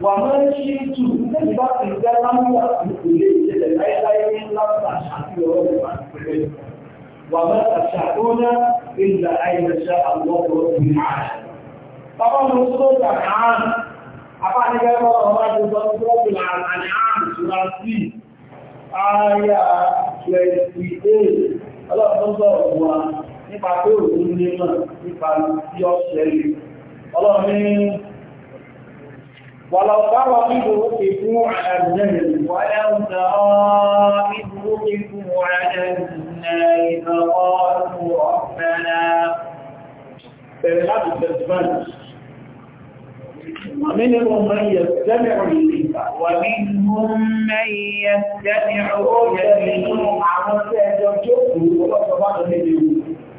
وما شئت لم يكن لم يكن ṣẹlẹ̀ láíláí ní lápá àti ọ̀rọ̀ ìwà pẹ̀lẹ́. Wà má àṣàkóná ìlà àìlẹ̀ṣà àlọ́pọ̀ ti ààrẹ. Bàbá mi sọ gbà kàn Apá nígbà ẹgbẹ́ ọmọ ọmọ ìjọba tó wọ́pù láàrín àmì ìṣúra sí ààyà 28 ọlọ́pàá sọ̀rọ̀ wa nípa pé òun lè mọ̀ nípa tí ọ̀ṣẹ́ lè. Ọlọ́run ولو ترى إذ وقفوا على النار ولو ترى إذ وقفوا على النار فقالوا ربنا فالحق تتبنى ومنهم من يستمع إليك ومنهم من يستمع إليك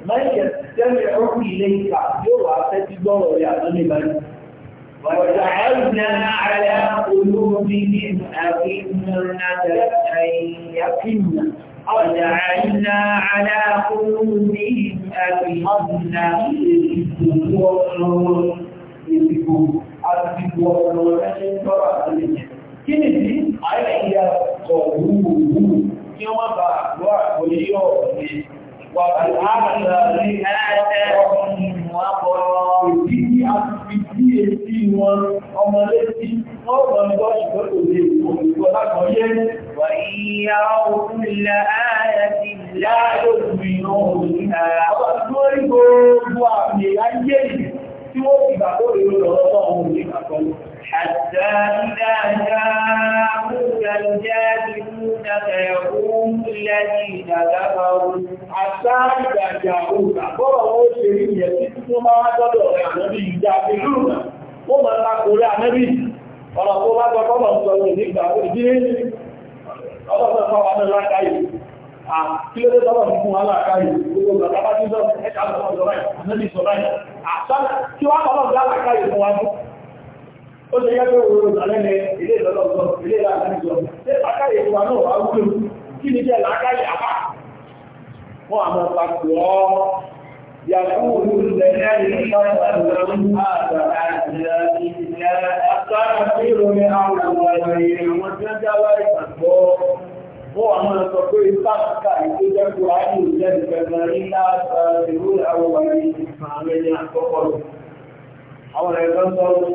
من يستمع إليك يوعى تجدر يا من وجعلنا على قلوبهم أكنة أن يقمنا وجعلنا على قلوبهم أكنة Kíni tí àìyà ọ̀rọ̀ òwúrú tí wọ́n bá lọ́ àkòyí ọ̀rọ̀ ní wà bàbá àgbà ní ààrẹ ọ̀rọ̀ ìwọ̀n àpọ̀rọ̀ òbí ní àti àkíyèsí wọn ọmọ létí ọ̀rọ̀ ẹgbọ́ ìgbọ́tò lè òkùnkọ́ lágbọ́yé wà ìyá òkú ilẹ̀ ààrẹ ti láàrẹ òmìnà òmìnà àwọn tó rí gbogbo àmì ayé tí wọ́n ìgbàgbọ́ ìrọ̀lọ́wọ́ òmìnà kọlù حتى إذا جاءوك يجادلونك يقول الذين كفروا حتى إذا جاءوك قرأوا الشريف يسدك ما تدعو يا نبي يجادلونك وما تقول يا نبي ورسول الله كما صلى الله عليه وسلم ọlọ́pẹ́ fáwọn ọmọ lákàáyì àkílẹ́dẹ́ tọ́lọ̀ fún wọn lákàáyì gbogbo ọ̀gá bá jíjọ́ ẹ̀kà lọ́wọ́ ìjọba ìjọba ìjọba ìjọba ìjọba ìjọba ìjọba ìjọba ìjọba ó ṣe yẹ́pẹ́ òwúrò ìtàlẹ́lẹ̀ ilé ìlọ́lọ́gbọ́ ilé ìlànàjọ́ ṣe làákàyè ìwà náà wà wúlò kí ni jẹ́ làákàyè àpá wọ́n àmọ́ pàtó ọ́ yàtọ̀ olùlẹ̀ ẹ̀rí Wọ́n àwọn ọ̀sọ̀ pé ìjẹ́ ìgbẹ̀gbẹ̀ àkọ́kọ́. Àwọn sọ́rọ̀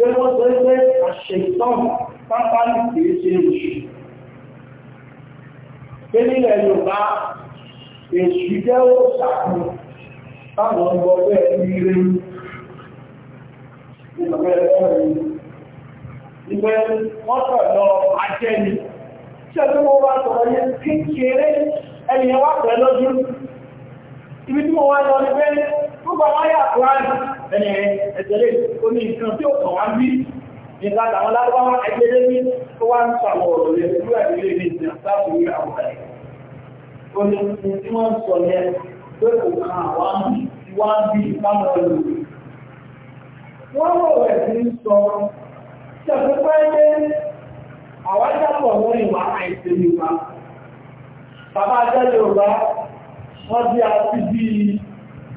pé wọ́n sọ pé àṣẹ ìtàn pápá ní kìí ṣe èṣù pé nílẹ̀ Yorùbá èṣù jẹ́ ó ṣàkùn táwọn ọgbọ́ pé ire ìgbẹ́ wọ́n tọ̀lọ ajẹ́ni tí ó tó mọ́ wá tọ̀rọ yẹ kékeré ẹniyàn wá pẹ̀lọ́dún ibi tí mo wá lọ ní pé púpọ̀ wáyà ẹni ẹ̀tẹ̀lẹ̀ omi nǹkan tí ó kàn wá bí nígbà àwọn lárúbáwá ẹgbẹ́lẹ́ ní tó wá ń sàwọ̀ ọ̀rọ̀ rẹ̀ lórí àdílé ní ìsìn bàbá ajẹ́lẹ̀ ọ̀gá wọ́n bí a ti bí i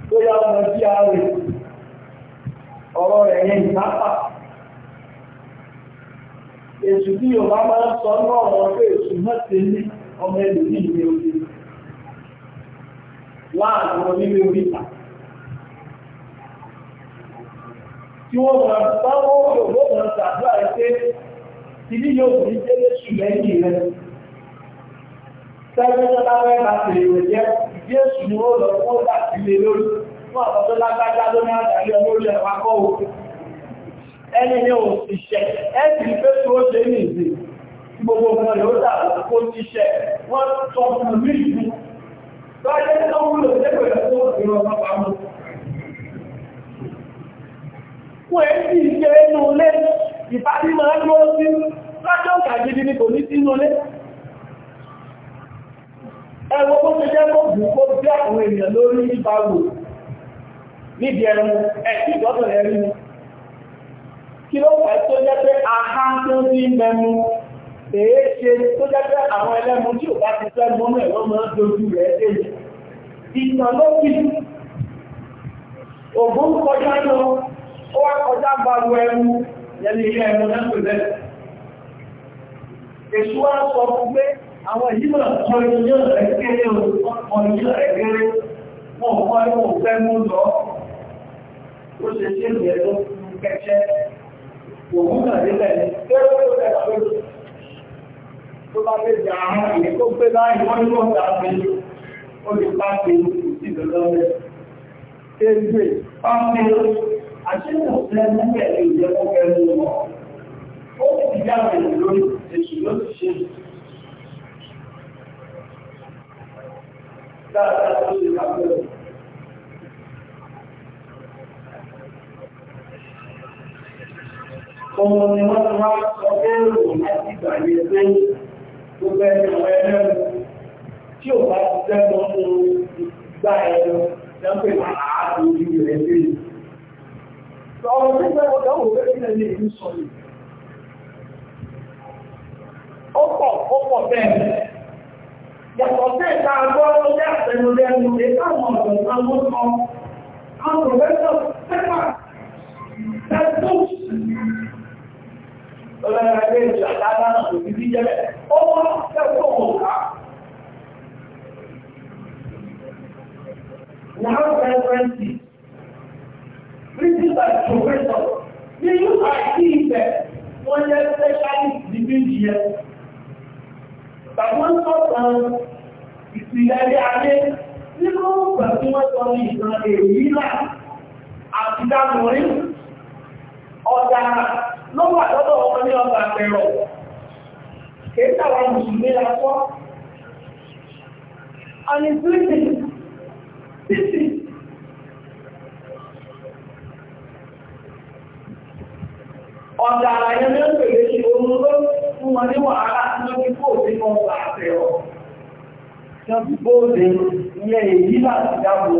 tó yá ọmọ bí a ọ̀rọ̀ rẹ̀ yẹn ìsápà èsù tí yóò bá máa sọ náà wọn pé èsù mọ́tẹ́ ní ọmọ ẹlòmí ìwé orí láàrin onílé oríta tí wọ́n mọ̀ sáwọ́ òwò mọ̀ sàdúrà ẹ pé ìdí yóò ní délé sù lẹ́yìn rẹ̀ sẹ́gbẹ́sẹ́ bá fẹ́ bá tèrè rẹ̀ jẹ́ ni ó lọ fún ó dà lórí fún ọ̀rọ̀ tó lágbájá ló ní àjàrí ọmọ orí ẹ̀wà kọ́ o ẹni ní o gbogbo ọmọ rẹ̀ ó dà kó ti ṣẹ wọ́n sọ fún mi ìlú tó ayé tó wúlò lẹ́gbẹ̀ẹ́ tó ìrọ̀ ọmọ pamọ́ fún ẹ̀sì ìṣe inú ilé ìfàdí máa ń lọ sí lọ́jọ́ ìkàgidi ni kò ní sínú ilé ẹwọ́ bó kó bù kó níbi ẹ̀rùn ẹ̀kí ìgbọ́dọ̀ ẹ̀rí ni kí ló fẹ́ tó jẹ́ pé ahá tó ní mẹ́mu èé ṣe tó jẹ́ pé àwọn ẹlẹ́mu tí ò bá ti fẹ́ mọ́nú ẹ̀rọ máa ń dojú rẹ̀ èlò ìtàn ló fi ògùn kọjá lọ ó wá kọjá gba wo ẹmu yẹn ilé ẹmu náà pẹ̀lẹ́ èṣù wa sọ fún pé àwọn ìdíbò ọ̀pọ̀ ìyọ̀ rẹ̀ ọ̀pọ̀ ìyọ̀ rẹ̀ wọn kọ́ ẹ̀wọ̀n fẹ́ mú lọ ó ṣe ṣe ń bẹ̀rẹ̀ lọ fún kẹ́kẹ́ òun náà nílẹ̀ ní tó bá lè jà àwọn ìyẹ́ tó gbé láì wọ́n ní wọ́n dà sí ó lè bá ṣe ìdọ̀lọ́rẹ̀ ẹgbẹ́ pàmílò àṣíkò lẹ́nu pẹ̀lú ìjẹ́kọ́ pẹ̀lú wọn ó ti jáde lórí èṣù ló ti ọmọ ni wọ́n wá sọ ẹ́rù láti ìgbàyẹ pé tó bẹ́ẹ̀ ọmọ ẹlẹ́rù tí ò bá ti tẹ́mọ́ ní ìgbà ẹ̀rọ lẹ́pẹ̀ àádọ́ orí rẹ̀ pé ọmọ tí wọ́n wọ́n dáwò pé kí lẹ́yìn ìlú sọ ni ó pọ̀ ó pọ̀ bẹ́ẹ̀ yàtọ̀ sí ìta àgbọ́ ló jẹ́ àtẹnu lẹ́nu lè káwọn ọ̀dọ̀ àwọn ọmọ àwọn pẹ̀lú pẹ̀lú pẹ̀lú ọlọ́run ẹgbẹ́ ìjọ àtàlà náà kò ní bí jẹ́lẹ̀ ó wọ́n kẹ́kọ̀ọ́ wọn kà. Now references, written by professor, ní yóò àti ìfẹ́ wọ́n yẹ specialist níbi ìjìyẹ. Bàbá ń sọ̀tàn ìsìlẹ̀ ayé nínú ìgbà tí wọ́n sọ ní ìtàn èyí náà àti dámọ̀rin ọ̀daràn lọ́wọ́ àtọ́tọ̀ ọmọ ní ọgbà àpẹrọ kìí tàwa mùsùlùmí la kọ́ ọ̀nì sísì sísì ọ̀dà àlàyé ní òṣèlú ṣe ohun ló fún wọn ní wàhálà lórí bóòdì ní ọgbà àpẹrọ Ìjọba bóòdì ní èyí láti dábòó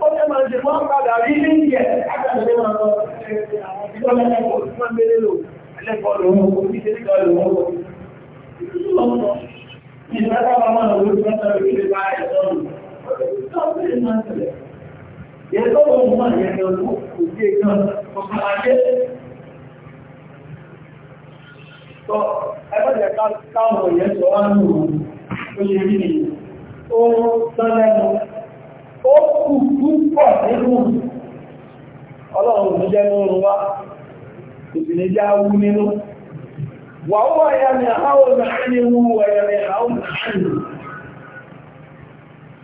ó fẹ́ máa ṣe wọ́n padà rí ní ìyẹ̀ látàrí máa lọ ìjọ́lẹ́lẹ́kọ̀ọ́ tí wọ́n gbé lélò ẹlẹ́kọ̀ọ́ lòun kò ní ṣe nígbà lòun kò Ẹgbẹ́jẹ̀ káwọn ìyẹ́ sọ wá ní òun, ó ṣe rí ni, ó tán lẹ́nu ó kù púpọ̀ nínú ọlọ́run ní jẹ́ mọ́rún wá ìpìlẹ̀ já wú nínú wà ó wà yà ní àwọn ìrìnàmì wọ́n wà yà ní àwọn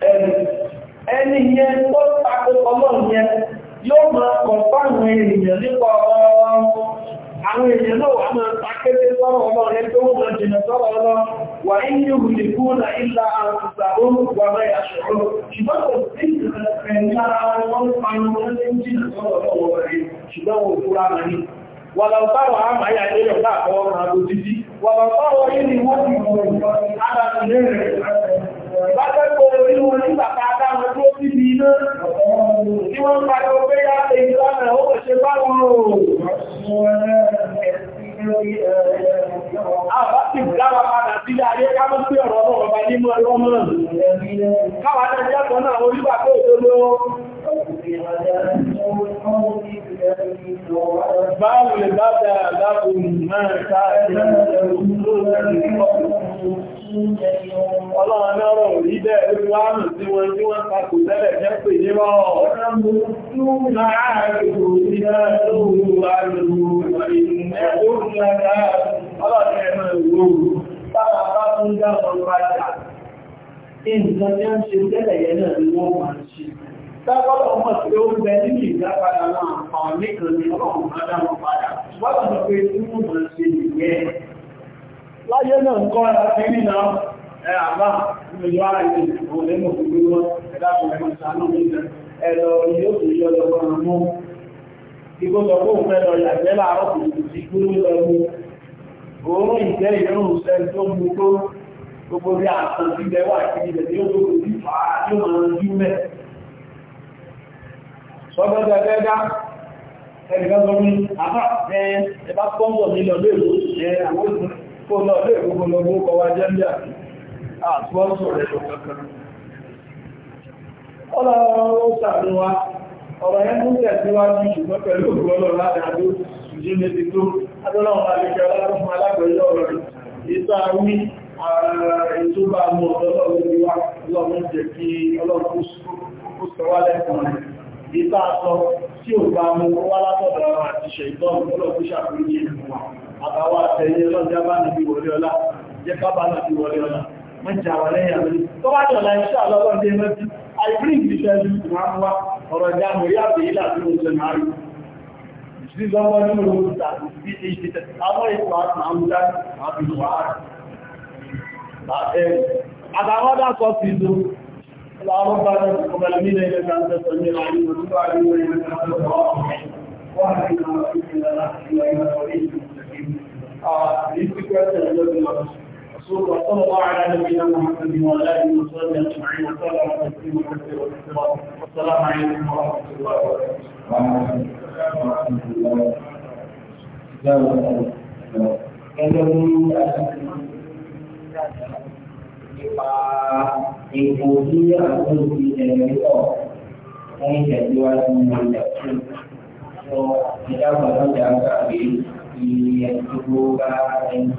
ìrìnàmì ẹni yẹn tó takò ọlọ́run yẹn yóò máa kọ̀ fáwọn èèyàn nípa ọ̀rọ̀ àwọn èèyàn náà wà máa takété sọ́rọ̀ ọlọ́rẹ́ tó wọ́n jìnà sọ́rọ̀ ọlọ́ wà ní ìrùlẹ̀kú na ìlà àrùsà olùgbàmọ́ ìyàṣọ́rọ̀ ṣùgbọ́n kò sí ìrìnlẹ̀ lára wọn pàánù wọn ní jìnà sọ́rọ̀ ọlọ́wọ́ rẹ̀ ṣùgbọ́n òkúra màní wàlàbáwà iná tí wọ́n parí ọgbẹ́ láti ìlànà ó ṣe bá wọn o. Àbá ti dára padà sí ọrụ ká mọ́ sí ọ̀rọ̀ ọ̀rọ̀ ọba nímọ̀ ẹ̀rọ mọ́. Káwàá Báwo lè bá dára lábò máa káàkiri ọlọ́run náà rọ̀ rí bẹ́ẹ̀ orí wá tí wọ́n tí wọ́n takò tẹ́lẹ̀ jẹ́ pè ní rọ̀. Ọlọ́run ẹ̀mọ̀ ìwòrò, táwọn bá tún dá ọ̀rọ̀ ajá. Ìjọ Tábọ́lọ̀ ọmọ tí ó ń bẹ nínú ìdápadà wọn àwọn nìkan ni ọlọ́run bá dá wọn padà. Wọ́n lọ pé tí wọ́n mọ̀ ṣe nìyẹn. Láyé náà ń kọ́ àti nínú ẹ àbá ìlú ara ìlú àwọn ẹmọ òkúrú wọn ẹ̀dá fún ẹmọ ìsànà nígbà ẹ̀lọ yóò tó yọ lọ fún ọmọ. Ìgbó sọ pé òun fẹ́ lọ yàgbẹ́ láàárọ̀ kò sì sí kúrú lọ mú. Òórùn ìjẹ́ ìrún ìṣẹ́ sọ́gbọ́dọ̀ ẹgbẹ́dá ẹgbẹ́ sọ ní àbá ẹ ẹbá pọ́ńpọ̀ ní lọ́dọ̀ èlò ẹ àwọn òṣìṣẹ́ kó lọ́dọ̀ èlò gbogbo kọ wá jẹ́ ní àtúwọ́sọ̀ rẹ̀ lọ kankan ọlọ́rọ̀ sàánú wa ọ̀rọ̀ yẹn mú tẹ̀síwájú ṣùgbọ́n pẹ̀lú ògbọ́lọ̀ látàdó ìjílé ti tó adọ́lọ́wọ́n alẹ́kẹ́ ọlọ́rọ̀ alágbẹ̀lẹ́ ọ̀rọ̀ ìta wí ètò bá mú ọ̀dọ́lọ́rọ̀ ìta sọ tí ò bá mú wá látọ̀dọ̀ àwọn àtìṣẹ́ ìtọ́nù lọ́lọ́ tó ṣàkóyí ìlú wa àbáwá àtẹ̀yẹ lọ́jà bá níbi wọlé ọlá jẹ́ ká bá níbi wọlé ọlá mẹ́jà wà lẹ́yìn àmì tó bá jọ̀lá iṣẹ́ àlọ́lọ́dé mẹ́tí I bring the service to Amwa ọ̀rọ̀ ìjà mọ̀ yá pé ilá tí ó ṣe máa rí. Ìṣíṣọ́ ọmọ ní òun tàbí bí i ṣe tẹ̀ لا ربنا تقبل منا انك انت السميع العليم وتب علينا انك انت التواب واهدنا واهدنا الى الى وصلى الله على نبينا محمد وعلى اله وصحبه اجمعين وسلم تسليما كثيرا كثيرا والسلام عليكم ورحمه الله وبركاته. ورحمه الله وبركاته. nípa epo tí àwọn òbí ẹ̀rọ pọ̀ fún ìtẹ̀síwájú ìdàkú. Sọ ìdáàbò náà gbàgbé ìyẹn tó bá ẹni.